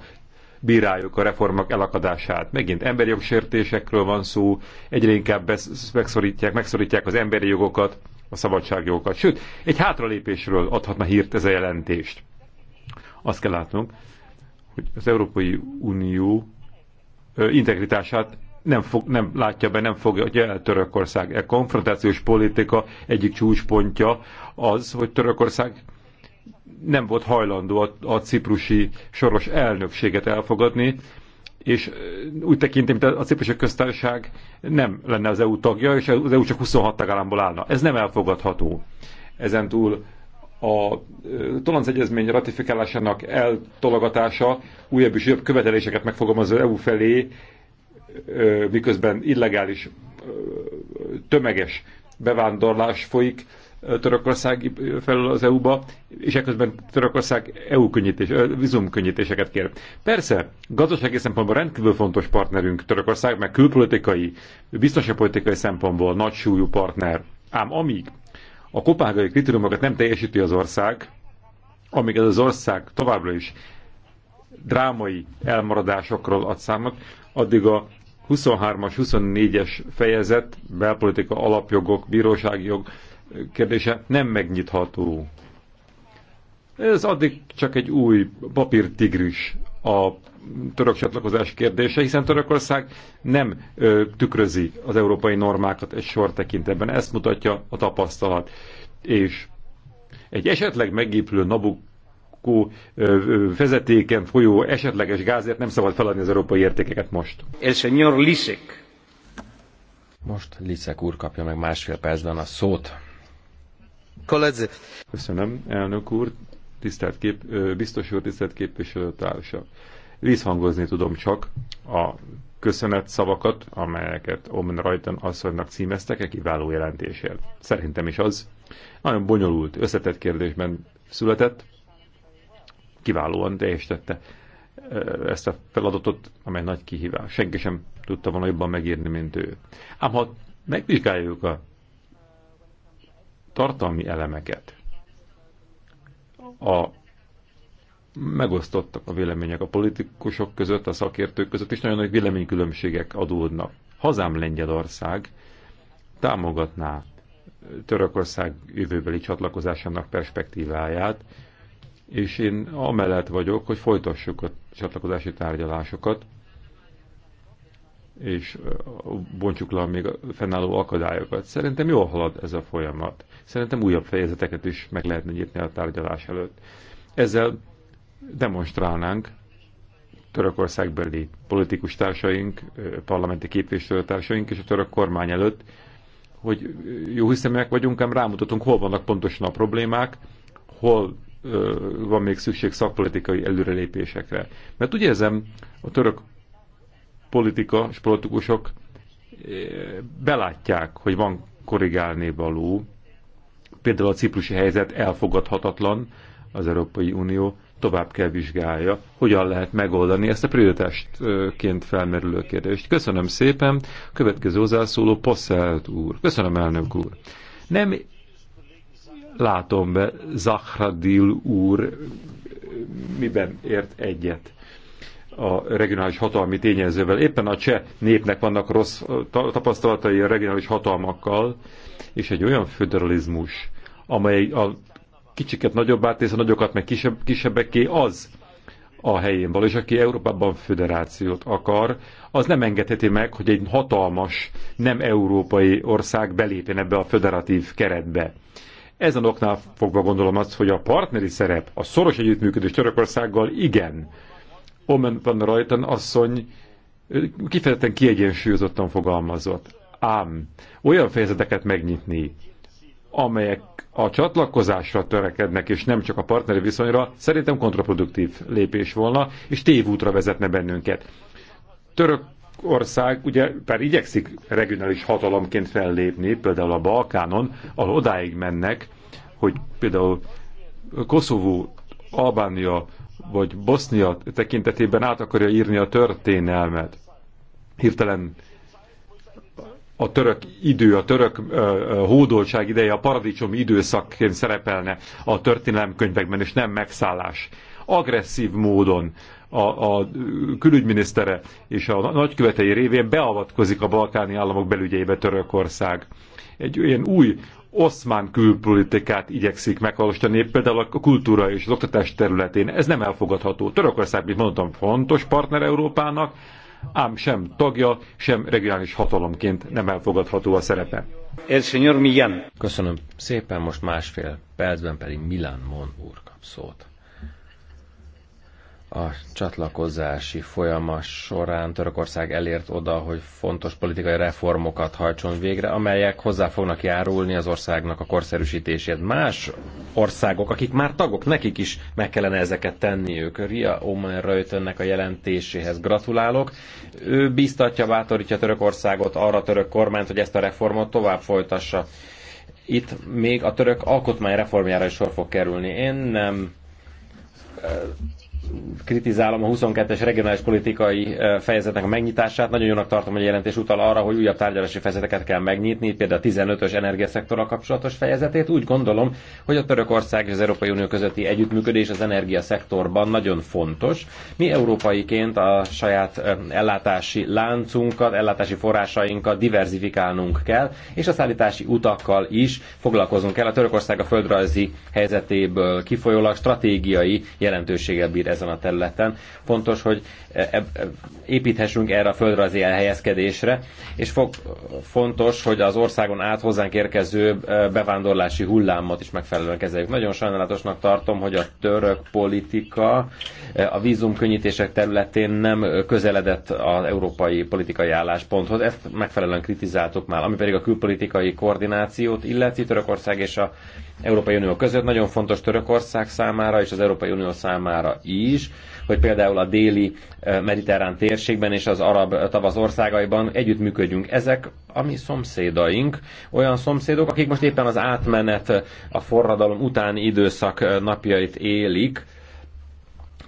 bíráljuk a reformok elakadását. Megint emberi jogsértésekről van szó, egyre inkább megszorítják, megszorítják az emberi jogokat, a szabadságjogokat. Sőt, egy hátralépésről adhatna hírt ez a jelentést. Azt kell látnunk, hogy az Európai Unió integritását nem, fog, nem látja be, nem fogja, hogy el Törökország. E konfrontációs politika egyik csúcspontja az, hogy Törökország nem volt hajlandó a, a ciprusi soros elnökséget elfogadni, és úgy tekintem, mint a ciprusi köztársaság nem lenne az EU tagja, és az EU csak 26 tagállamból állna. Ez nem elfogadható. Ezen túl a Tolanc Egyezmény ratifikálásának eltologatása újabb és újabb követeléseket megfogalmaz az EU felé, miközben illegális tömeges bevándorlás folyik Törökország felül az EU-ba, és ekközben Törökország EU könnyítés, vízumkönnyítéseket kér. Persze, gazdasági szempontból rendkívül fontos partnerünk Törökország, meg külpolitikai, politikai szempontból nagy súlyú partner. Ám amíg a kopágai kritériumokat nem teljesíti az ország, amíg ez az ország továbbra is drámai elmaradásokról ad számot, addig a 23-as, 24-es fejezet, belpolitika, alapjogok, bírósági jog kérdése nem megnyitható. Ez addig csak egy új papírtigris a török csatlakozás kérdése, hiszen Törökország nem ö, tükrözi az európai normákat egy sor tekintetben. Ezt mutatja a tapasztalat. És egy esetleg megépülő Nabuk Marokkó vezetéken folyó esetleges gázért nem szabad feladni az európai értékeket most. El señor Lisek. Most Lisek úr kapja meg másfél percben a szót. Koledze. Köszönöm, elnök úr, tisztelt kép, biztos úr, tisztelt képviselőtársa. Visszhangozni tudom csak a köszönet szavakat, amelyeket Omen Rajtan asszonynak címeztek egy kiváló jelentésért. Szerintem is az. Nagyon bonyolult, összetett kérdésben született, kiválóan teljesítette ezt a feladatot, amely nagy kihívás. Senki sem tudta volna jobban megírni, mint ő. Ám ha megvizsgáljuk a tartalmi elemeket, a megosztottak a vélemények a politikusok között, a szakértők között, és nagyon nagy véleménykülönbségek adódnak. Hazám Lengyelország támogatná Törökország jövőbeli csatlakozásának perspektíváját, és én amellett vagyok, hogy folytassuk a csatlakozási tárgyalásokat, és bontsuk le a még fennálló akadályokat. Szerintem jól halad ez a folyamat. Szerintem újabb fejezeteket is meg lehetne nyitni a tárgyalás előtt. Ezzel demonstrálnánk törökországbeli politikus társaink, parlamenti képviselőtársaink és a török kormány előtt, hogy jó hiszemek vagyunk, ám rámutatunk, hol vannak pontosan a problémák, hol van még szükség szakpolitikai előrelépésekre. Mert úgy érzem, a török politika és politikusok belátják, hogy van korrigálni való. Például a ciprusi helyzet elfogadhatatlan, az Európai Unió tovább kell vizsgálja, hogyan lehet megoldani ezt a prioritásként felmerülő kérdést. Köszönöm szépen, következő hozzászóló Posselt úr. Köszönöm, elnök úr. Nem látom be Zahradil úr miben ért egyet a regionális hatalmi tényezővel. Éppen a cseh népnek vannak rossz tapasztalatai a regionális hatalmakkal, és egy olyan föderalizmus, amely a kicsiket nagyobbá tesz, a nagyokat meg kisebb, kisebbeké az a helyén való, és aki Európában föderációt akar, az nem engedheti meg, hogy egy hatalmas, nem európai ország belépjen ebbe a föderatív keretbe. Ezen oknál fogva gondolom azt, hogy a partneri szerep, a szoros együttműködés Törökországgal igen. Omen van rajta, asszony kifejezetten kiegyensúlyozottan fogalmazott. Ám olyan fejezeteket megnyitni, amelyek a csatlakozásra törekednek, és nem csak a partneri viszonyra, szerintem kontraproduktív lépés volna, és tévútra vezetne bennünket. Török ország ugye per igyekszik regionális hatalomként fellépni, például a Balkánon, ahol odáig mennek, hogy például Koszovó, Albánia vagy Bosznia tekintetében át akarja írni a történelmet. Hirtelen a török idő, a török uh, hódoltság ideje, a paradicsom időszakként szerepelne a történelemkönyvekben, és nem megszállás. Agresszív módon a, a külügyminisztere és a nagykövetei révén beavatkozik a balkáni államok belügyeibe Törökország. Egy olyan új oszmán külpolitikát igyekszik megvalósítani, például a kultúra és az oktatás területén. Ez nem elfogadható. Törökország, mint mondtam, fontos partner Európának, ám sem tagja, sem regionális hatalomként nem elfogadható a szerepe. El señor Millán. Köszönöm szépen, most másfél percben pedig Milán Mon úr kap szót a csatlakozási folyamat során Törökország elért oda, hogy fontos politikai reformokat hajtson végre, amelyek hozzá fognak járulni az országnak a korszerűsítését. Más országok, akik már tagok, nekik is meg kellene ezeket tenniük. Ria Oman Röjtönnek a jelentéséhez gratulálok. Ő biztatja, bátorítja Törökországot arra a török kormányt, hogy ezt a reformot tovább folytassa. Itt még a török alkotmány reformjára is sor fog kerülni. Én nem kritizálom a 22-es regionális politikai fejezetnek a megnyitását. Nagyon jónak tartom, hogy a jelentés utal arra, hogy újabb tárgyalási fejezeteket kell megnyitni, például a 15-ös energiaszektorral kapcsolatos fejezetét. Úgy gondolom, hogy a Törökország és az Európai Unió közötti együttműködés az energiaszektorban nagyon fontos. Mi európaiként a saját ellátási láncunkat, ellátási forrásainkat diverzifikálnunk kell, és a szállítási utakkal is foglalkozunk kell. A Törökország a földrajzi helyzetéből kifolyólag stratégiai jelentőséggel bír ezen a területen. Fontos, hogy e, e, építhessünk erre a földrajzi elhelyezkedésre, és fog fontos, hogy az országon át hozzánk érkező e, bevándorlási hullámot is megfelelően kezeljük. Nagyon sajnálatosnak tartom, hogy a török politika a vízumkönnyítések területén nem közeledett az európai politikai állásponthoz. Ezt megfelelően kritizáltuk már, ami pedig a külpolitikai koordinációt illeti Törökország és a Európai Unió között. Nagyon fontos Törökország számára és az Európai Unió számára is, hogy például a déli mediterrán térségben és az arab tavasz országaiban együttműködjünk. Ezek a mi szomszédaink, olyan szomszédok, akik most éppen az átmenet a forradalom utáni időszak napjait élik,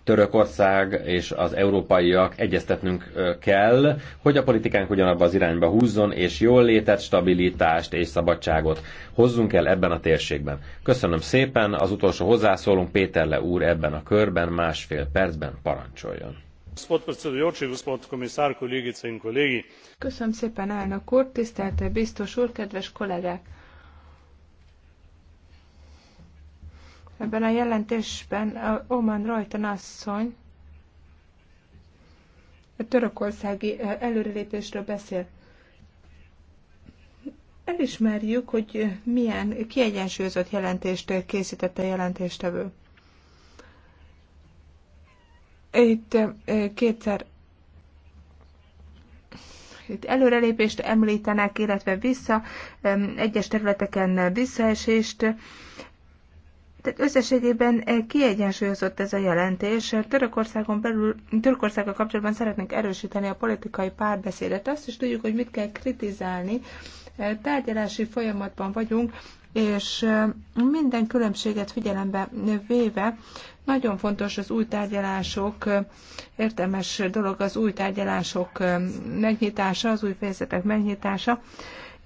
Törökország és az európaiak egyeztetnünk kell, hogy a politikánk ugyanabba az irányba húzzon, és jól létet, stabilitást és szabadságot hozzunk el ebben a térségben. Köszönöm szépen, az utolsó hozzászólunk Péter Le úr ebben a körben, másfél percben parancsoljon. Köszönöm szépen, elnök úr, tisztelt biztos úr, kedves kollégák! Ebben a jelentésben Oman Rajtan asszony a törökországi előrelépésről beszél. Elismerjük, hogy milyen kiegyensúlyozott jelentést készítette a jelentéstevő. Itt kétszer itt előrelépést említenek, illetve vissza, egyes területeken visszaesést. Tehát összességében eh, kiegyensúlyozott ez a jelentés. Törökországon belül, Törökországgal kapcsolatban szeretnénk erősíteni a politikai párbeszédet. Azt is tudjuk, hogy mit kell kritizálni. Eh, tárgyalási folyamatban vagyunk, és eh, minden különbséget figyelembe véve nagyon fontos az új tárgyalások, értelmes dolog az új tárgyalások megnyitása, az új fejezetek megnyitása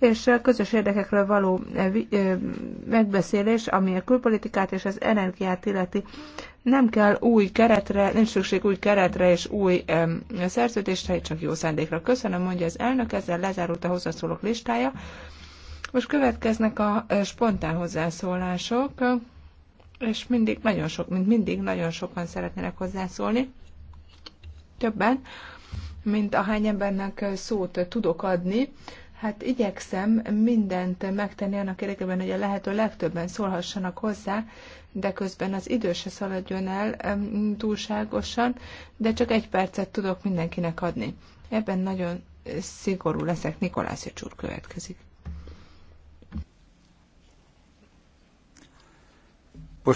és közös érdekekről való megbeszélés, ami a külpolitikát és az energiát illeti. Nem kell új keretre, nincs szükség új keretre és új em, szerződésre, csak jó szándékra. Köszönöm, mondja az elnök, ezzel lezárult a hozzászólók listája. Most következnek a spontán hozzászólások, és mindig nagyon sok, mint mindig nagyon sokan szeretnének hozzászólni. Többen, mint ahány embernek szót tudok adni. Hát igyekszem mindent megtenni annak érdekében, hogy a lehető legtöbben szólhassanak hozzá, de közben az idő se szaladjon el túlságosan, de csak egy percet tudok mindenkinek adni. Ebben nagyon szigorú leszek. Nikolász úr következik.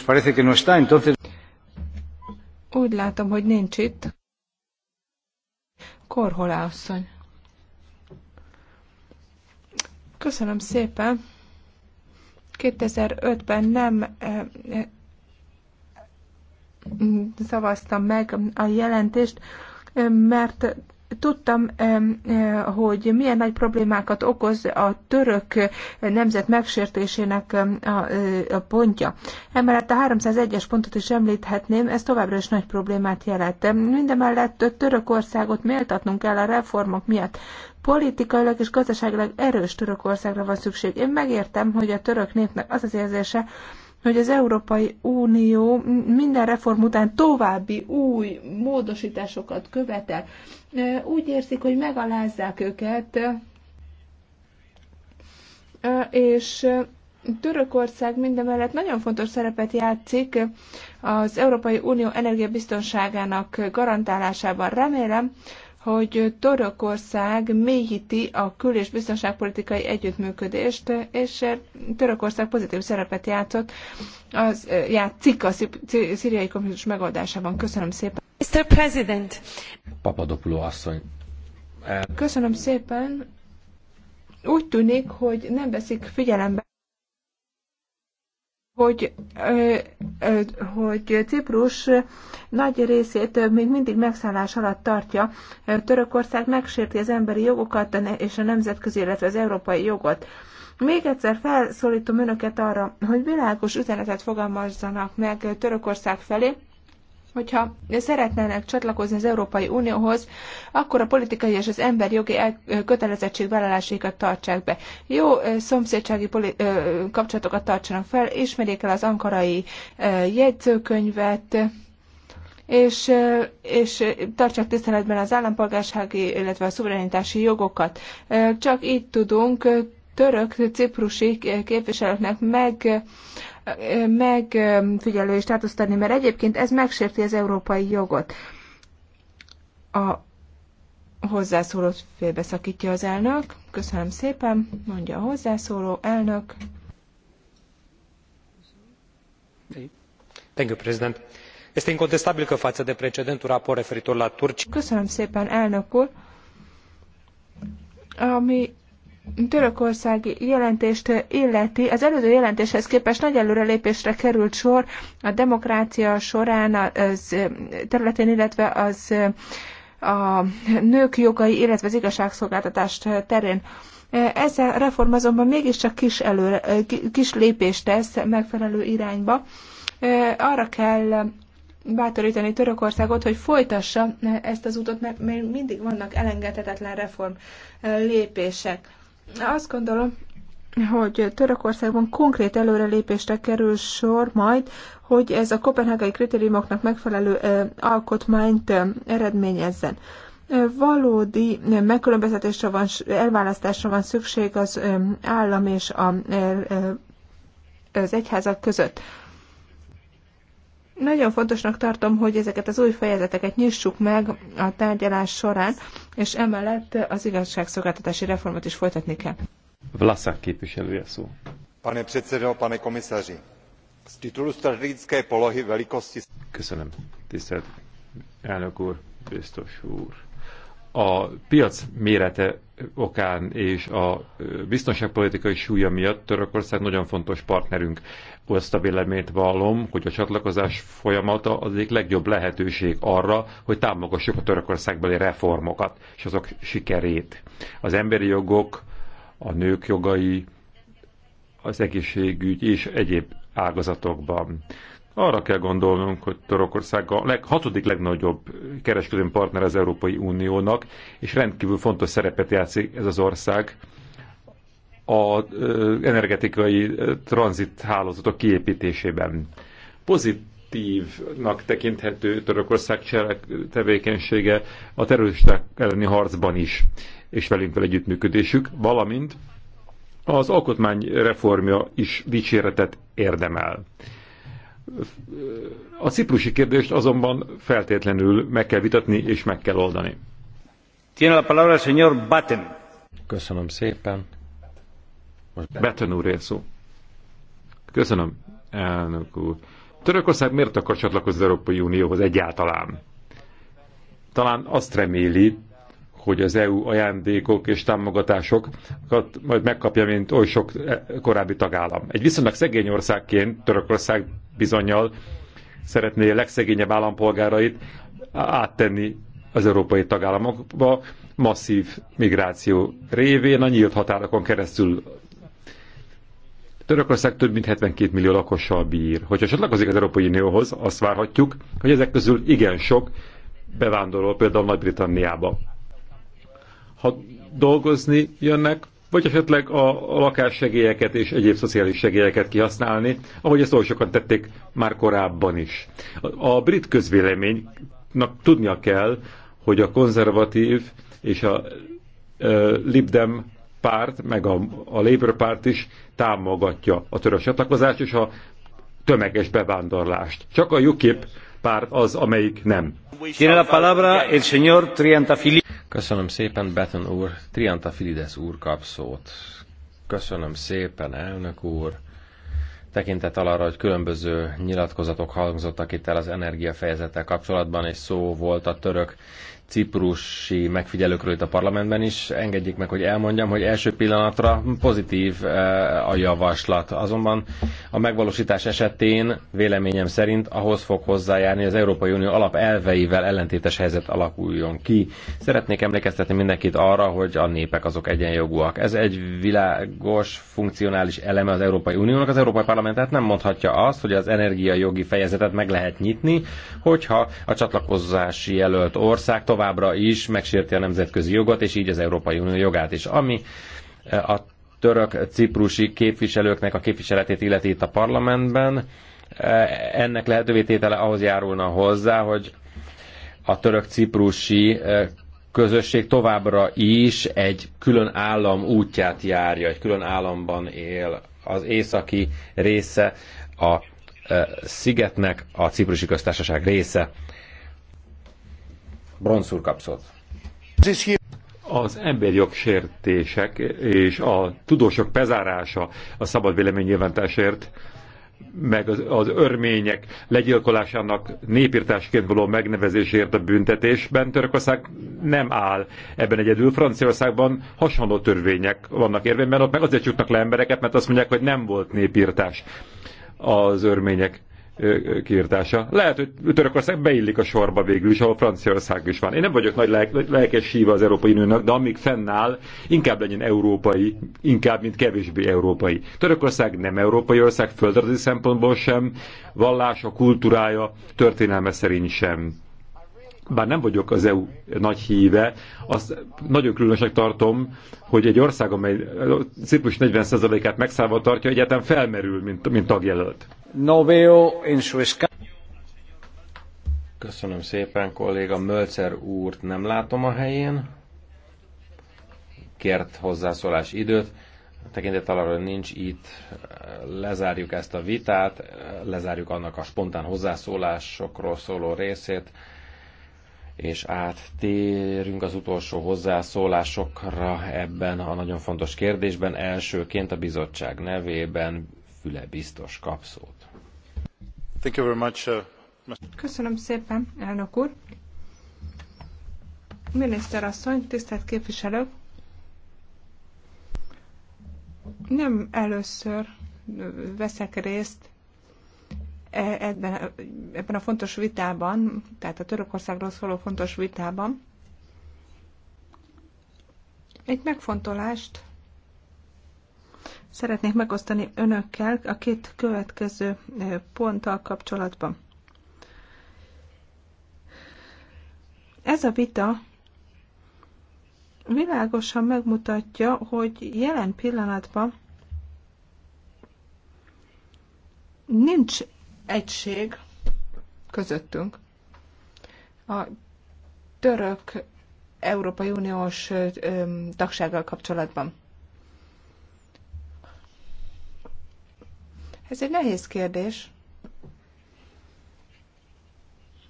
parece que no está, entonces... Úgy látom, hogy nincs itt. Korholá asszony. Köszönöm szépen. 2005-ben nem eh, eh, szavaztam meg a jelentést, eh, mert tudtam, hogy milyen nagy problémákat okoz a török nemzet megsértésének a pontja. Emellett a 301-es pontot is említhetném, ez továbbra is nagy problémát jelent. Mindemellett Törökországot méltatnunk kell a reformok miatt politikailag és gazdaságilag erős Törökországra van szükség. Én megértem, hogy a török népnek az az érzése, hogy az Európai Unió minden reform után további új módosításokat követel. Úgy érzik, hogy megalázzák őket, és Törökország mindemellett nagyon fontos szerepet játszik az Európai Unió energiabiztonságának garantálásában. Remélem, hogy Törökország mélyíti a kül- és biztonságpolitikai együttműködést, és Törökország pozitív szerepet játszott, az játszik a szíriai konfliktus megoldásában. Köszönöm szépen. Mr. President. Papadopoulou asszony. Köszönöm szépen. Úgy tűnik, hogy nem veszik figyelembe hogy, hogy Ciprus nagy részét még mindig megszállás alatt tartja. Törökország megsérti az emberi jogokat és a nemzetközi, illetve az európai jogot. Még egyszer felszólítom önöket arra, hogy világos üzenetet fogalmazzanak meg Törökország felé, hogyha szeretnének csatlakozni az Európai Unióhoz, akkor a politikai és az emberi jogi kötelezettségvállalásaikat tartsák be. Jó szomszédsági kapcsolatokat tartsanak fel, ismerjék el az ankarai jegyzőkönyvet, és, és tartsák tiszteletben az állampolgársági, illetve a szuverenitási jogokat. Csak így tudunk török ciprusi képviselőknek meg megfigyelői státuszt adni, mert egyébként ez megsérti az európai jogot. A hozzászólót félbeszakítja az elnök. Köszönöm szépen, mondja a hozzászóló elnök. Thank you, President. Este incontestabil că față de precedentul raport referitor la Turcia. Köszönöm szépen, elnök úr. Ami törökországi jelentést illeti, az előző jelentéshez képest nagy előrelépésre került sor a demokrácia során az területén, illetve az a nők jogai, illetve az igazságszolgáltatást terén. Ez a reform azonban mégiscsak kis, előre, kis lépést tesz megfelelő irányba. Arra kell bátorítani Törökországot, hogy folytassa ezt az utat, mert még mindig vannak elengedhetetlen reform lépések. Azt gondolom, hogy Törökországban konkrét előrelépésre kerül sor majd, hogy ez a kopenhágai kritériumoknak megfelelő alkotmányt eredményezzen. Valódi megkülönböztetésre van, elválasztásra van szükség az állam és az egyházak között. Nagyon fontosnak tartom, hogy ezeket az új fejezeteket nyissuk meg a tárgyalás során, és emellett az igazságszolgáltatási reformot is folytatni kell. Vlaszák képviselője szó. Pane předsedo, pane komisaři, z titulu strategické polohy velikosti... Köszönöm, tisztelt elnök úr, biztos úr. A piac mérete okán és a biztonságpolitikai súlya miatt Törökország nagyon fontos partnerünk ezt a véleményt vallom, hogy a csatlakozás folyamata az egyik legjobb lehetőség arra, hogy támogassuk a törökországbeli reformokat és azok sikerét. Az emberi jogok, a nők jogai, az egészségügy és egyéb ágazatokban. Arra kell gondolnunk, hogy Törökország a leg, hatodik legnagyobb kereskedelmi partner az Európai Uniónak, és rendkívül fontos szerepet játszik ez az ország az energetikai tranzit hálózatok kiépítésében. Pozitívnak tekinthető Törökország cselek tevékenysége a terroristák elleni harcban is, és velünk fel együttműködésük, valamint az alkotmány reformja is dicséretet érdemel. A ciprusi kérdést azonban feltétlenül meg kell vitatni és meg kell oldani. Tiene la palabra el señor Batten. Köszönöm szépen. Most Beton úr szó. Köszönöm, elnök úr. Törökország miért akar csatlakozni az Európai Unióhoz egyáltalán? Talán azt reméli, hogy az EU ajándékok és támogatásokat majd megkapja, mint oly sok korábbi tagállam. Egy viszonylag szegény országként Törökország bizonyal szeretné a legszegényebb állampolgárait áttenni az európai tagállamokba masszív migráció révén a nyílt határokon keresztül Törökország több mint 72 millió lakossal bír. Hogyha csatlakozik az Európai Unióhoz, azt várhatjuk, hogy ezek közül igen sok bevándorol például Nagy-Britanniába. Ha dolgozni jönnek, vagy esetleg a, a lakássegélyeket és egyéb szociális segélyeket kihasználni, ahogy ezt oly sokan tették már korábban is. A, brit közvéleménynek tudnia kell, hogy a konzervatív és a Libdem párt, meg a, a Labour párt is támogatja a török csatlakozást és a tömeges bevándorlást. Csak a UKIP párt az, amelyik nem. el señor Köszönöm szépen, Beton úr. trianta filides úr kap szót. Köszönöm szépen, elnök úr. Tekintet arra, hogy különböző nyilatkozatok hangzottak itt el az energiafejezettel kapcsolatban, és szó volt a török ciprusi megfigyelőkről itt a parlamentben is. Engedjék meg, hogy elmondjam, hogy első pillanatra pozitív eh, a javaslat. Azonban a megvalósítás esetén véleményem szerint ahhoz fog hozzájárni, az Európai Unió alapelveivel ellentétes helyzet alakuljon ki. Szeretnék emlékeztetni mindenkit arra, hogy a népek azok egyenjogúak. Ez egy világos, funkcionális eleme az Európai Uniónak. Az Európai Parlament tehát nem mondhatja azt, hogy az energiajogi fejezetet meg lehet nyitni, hogyha a csatlakozási jelölt ország továbbra is megsérti a nemzetközi jogot, és így az Európai Unió jogát is. Ami eh, a török-ciprusi képviselőknek a képviseletét illeti itt a parlamentben, eh, ennek lehetővé tétele ahhoz járulna hozzá, hogy a török-ciprusi eh, közösség továbbra is egy külön állam útját járja, egy külön államban él. Az északi része a szigetnek, a ciprusi köztársaság része. Bronz kapszott. Az emberjogsértések és a tudósok bezárása a szabad vélemény nyilvántásért, meg az, az örmények legyilkolásának népírtásként való megnevezésért a büntetésben. Törökország nem áll ebben egyedül. Franciaországban hasonló törvények vannak érvényben, ott meg azért csuknak le embereket, mert azt mondják, hogy nem volt népírtás az örmények kiirtása. Lehet, hogy Törökország beillik a sorba végül is, ahol Franciaország is van. Én nem vagyok nagy lelk, lelkes híve az Európai Uniónak, de amíg fennáll, inkább legyen európai, inkább, mint kevésbé európai. Törökország nem európai ország, földrajzi szempontból sem, vallása, kultúrája, történelme szerint sem bár nem vagyok az EU nagy híve, azt nagyon különösnek tartom, hogy egy ország, amely Ciprus 40%-át megszállva tartja, egyáltalán felmerül, mint, mint tagjelölt. en su Köszönöm szépen, kolléga. Mölcer úrt nem látom a helyén. Kért hozzászólás időt. Tekintet arra, hogy nincs itt, lezárjuk ezt a vitát, lezárjuk annak a spontán hozzászólásokról szóló részét és áttérünk az utolsó hozzászólásokra ebben a nagyon fontos kérdésben. Elsőként a bizottság nevében Füle biztos kap szót. Thank you very much, uh, Köszönöm szépen, elnök úr. Miniszter asszony, tisztelt képviselők! Nem először veszek részt ebben, ebben a fontos vitában, tehát a Törökországról szóló fontos vitában, egy megfontolást szeretnék megosztani önökkel a két következő eh, ponttal kapcsolatban. Ez a vita világosan megmutatja, hogy jelen pillanatban nincs egység közöttünk. A török Európai Uniós tagsággal kapcsolatban. Ez egy nehéz kérdés.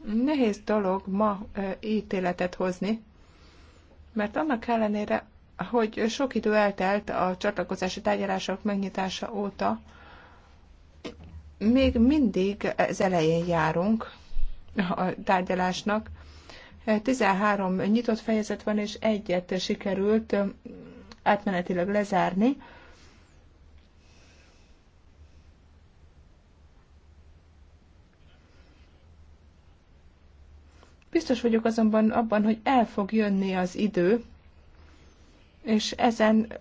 Nehéz dolog ma ítéletet hozni, mert annak ellenére, hogy sok idő eltelt a csatlakozási tárgyalások megnyitása óta, még mindig az elején járunk a tárgyalásnak. 13 nyitott fejezet van, és egyet sikerült átmenetileg lezárni. Biztos vagyok azonban abban, hogy el fog jönni az idő, és ezen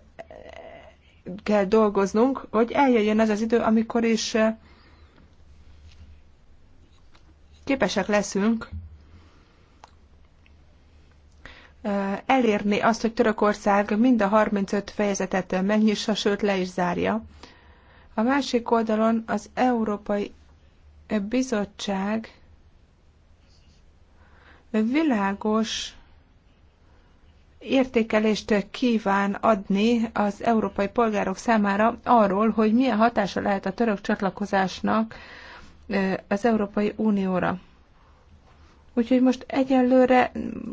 kell dolgoznunk, hogy eljöjjön az az idő, amikor is képesek leszünk elérni azt, hogy Törökország mind a 35 fejezetet megnyissa, sőt le is zárja. A másik oldalon az Európai Bizottság világos értékelést kíván adni az európai polgárok számára arról, hogy milyen hatása lehet a török csatlakozásnak az Európai Unióra. Úgyhogy most egyelőre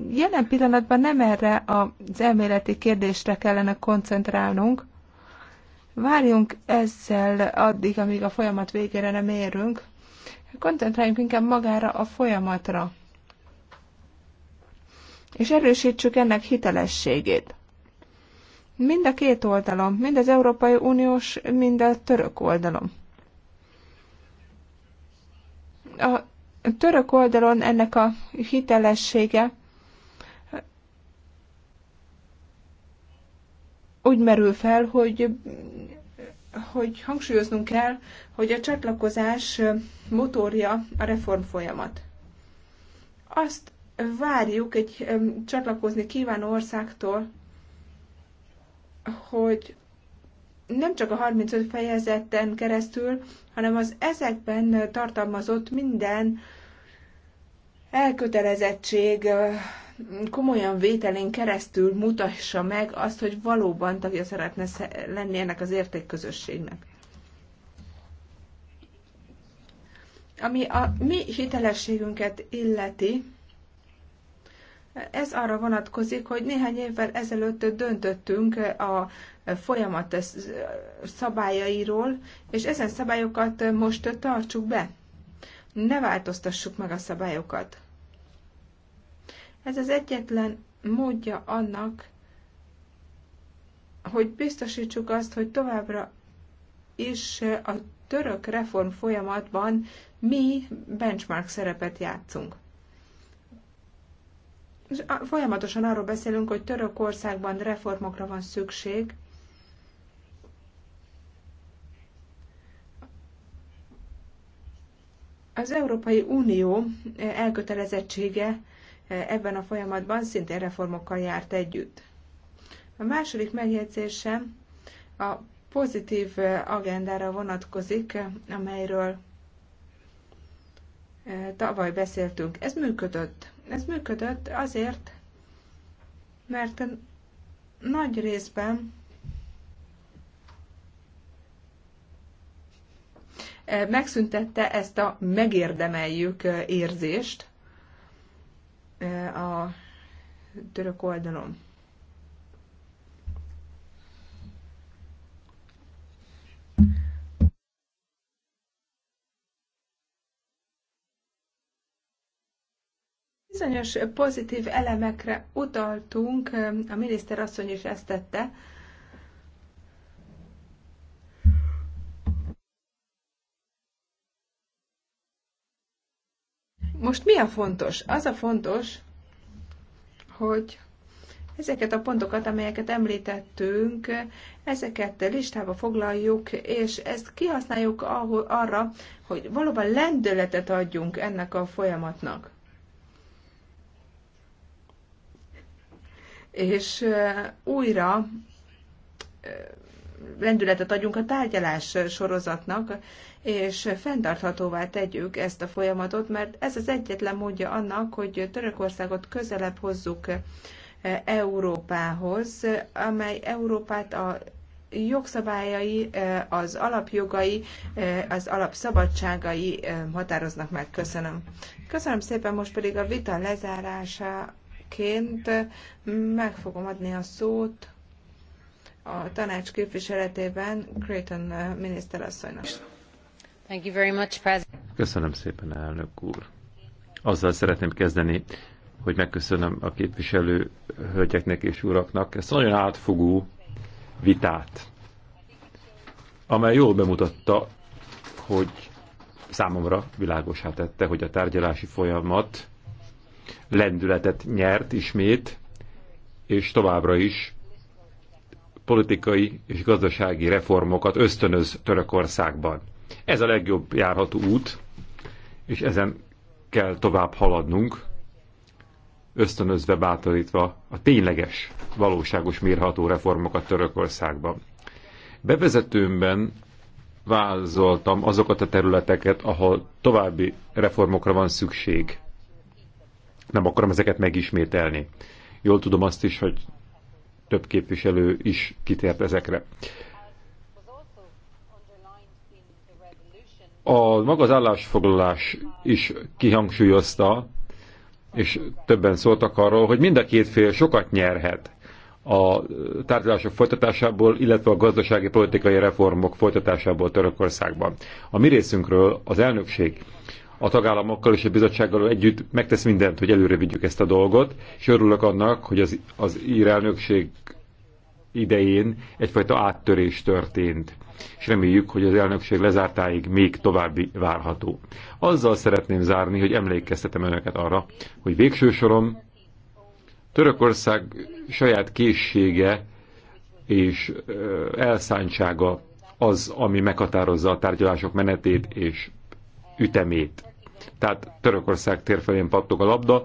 jelen pillanatban nem erre az elméleti kérdésre kellene koncentrálnunk. Várjunk ezzel addig, amíg a folyamat végére nem érünk. Koncentráljunk inkább magára a folyamatra. És erősítsük ennek hitelességét. Mind a két oldalon, mind az Európai Uniós, mind a török oldalon a török oldalon ennek a hitelessége úgy merül fel, hogy, hogy hangsúlyoznunk kell, hogy a csatlakozás motorja a reform folyamat. Azt várjuk egy csatlakozni kívánó országtól, hogy nem csak a 35 fejezeten keresztül, hanem az ezekben tartalmazott minden elkötelezettség komolyan vételén keresztül mutassa meg azt, hogy valóban tagja szeretne lenni ennek az értékközösségnek. Ami a mi hitelességünket illeti, ez arra vonatkozik, hogy néhány évvel ezelőtt döntöttünk a folyamat eh, szabályairól, és ezen szabályokat eh, most eh, tartsuk be. Ne változtassuk meg a szabályokat. Ez az egyetlen módja annak, hogy biztosítsuk azt, hogy továbbra is a török reform folyamatban mi benchmark szerepet játszunk. És folyamatosan arról beszélünk, hogy Törökországban reformokra van szükség, Az Európai Unió eh, elkötelezettsége eh, ebben a folyamatban szintén reformokkal járt együtt. A második megjegyzésem a pozitív eh, agendára vonatkozik, amelyről tavaly beszéltünk. Ez működött. Ez működött azért, mert nagy részben megszüntette ezt a megérdemeljük érzést a török oldalon. Bizonyos pozitív elemekre utaltunk, a miniszter asszony is ezt tette, Most mi a fontos? Az a fontos, hogy ezeket a pontokat, amelyeket említettünk, ezeket listába foglaljuk, és ezt kihasználjuk arra, hogy valóban lendületet adjunk ennek a folyamatnak. És újra lendületet adjunk a tárgyalás sorozatnak, és fenntarthatóvá tegyük ezt a folyamatot, mert ez az egyetlen módja annak, hogy Törökországot közelebb hozzuk eh, Európához, amely Európát a jogszabályai, eh, az alapjogai, eh, az alapszabadságai határoznak meg. Köszönöm. Köszönöm szépen, most pedig a vita lezárásaként meg fogom adni a szót a tanács képviseletében Creighton uh, miniszterasszonynak. Thank you very much, President. Köszönöm szépen, elnök úr. Azzal szeretném kezdeni, hogy megköszönöm a képviselő hölgyeknek és uraknak ezt a nagyon átfogó vitát, amely jól bemutatta, hogy számomra világosá tette, hogy a tárgyalási folyamat lendületet nyert ismét, és továbbra is politikai és gazdasági reformokat ösztönöz Törökországban. Ez a legjobb járható út, és ezen kell tovább haladnunk, ösztönözve, bátorítva a tényleges, valóságos mérható reformokat Törökországban. Bevezetőmben vázoltam azokat a területeket, ahol további reformokra van szükség. Nem akarom ezeket megismételni. Jól tudom azt is, hogy több képviselő is kitért ezekre. A maga az állásfoglalás is kihangsúlyozta, és többen szóltak arról, hogy mind a két fél sokat nyerhet a tárgyalások folytatásából, illetve a gazdasági politikai reformok folytatásából Törökországban. A mi részünkről az elnökség a tagállamokkal és a bizottsággal együtt megtesz mindent, hogy előre vigyük ezt a dolgot, és örülök annak, hogy az, az ír elnökség idején egyfajta áttörés történt, és reméljük, hogy az elnökség lezártáig még további várható. Azzal szeretném zárni, hogy emlékeztetem önöket arra, hogy végső soron Törökország saját készsége és elszántsága az, ami meghatározza a tárgyalások menetét és ütemét. Tehát Törökország térfelén pattog a labda,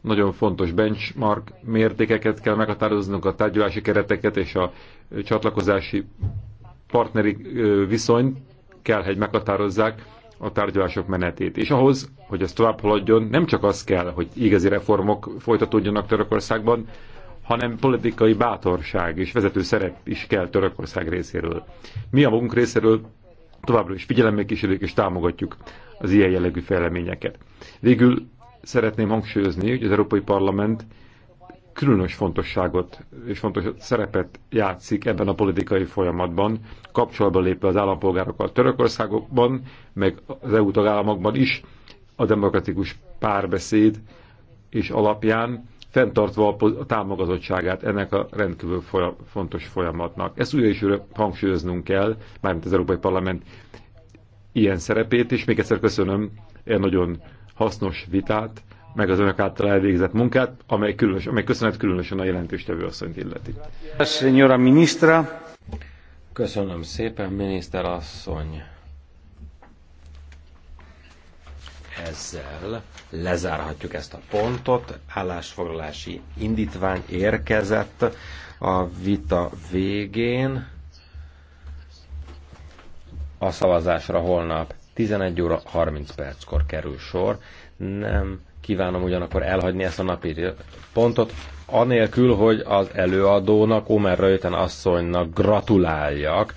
nagyon fontos benchmark mértékeket kell meghatároznunk, a tárgyalási kereteket és a csatlakozási partneri viszonyt kell, hogy meghatározzák a tárgyalások menetét. És ahhoz, hogy ez tovább haladjon, nem csak az kell, hogy igazi reformok folytatódjanak Törökországban, hanem politikai bátorság és vezető szerep is kell Törökország részéről. Mi a magunk részéről továbbra is figyelemmel kísérjük és támogatjuk az ilyen jellegű fejleményeket. Végül szeretném hangsúlyozni, hogy az Európai Parlament különös fontosságot és fontos szerepet játszik ebben a politikai folyamatban, kapcsolatban lépve az állampolgárokkal Törökországokban, meg az EU tagállamokban is a demokratikus párbeszéd és alapján fenntartva a támogatottságát ennek a rendkívül folyam, fontos folyamatnak. Ezt újra is hangsúlyoznunk kell, mármint az Európai Parlament ilyen szerepét, és még egyszer köszönöm egy nagyon hasznos vitát, meg az önök által elvégzett munkát, amely, különös, amely köszönet különösen a jelentéstevő asszonyt illeti. Señora ministra. Köszönöm szépen, miniszter asszony. Ezzel lezárhatjuk ezt a pontot. Állásfoglalási indítvány érkezett a vita végén. A szavazásra holnap 11 óra 30 perckor kerül sor. Nem kívánom ugyanakkor elhagyni ezt a napi pontot, anélkül, hogy az előadónak, Omer Röjten asszonynak gratuláljak.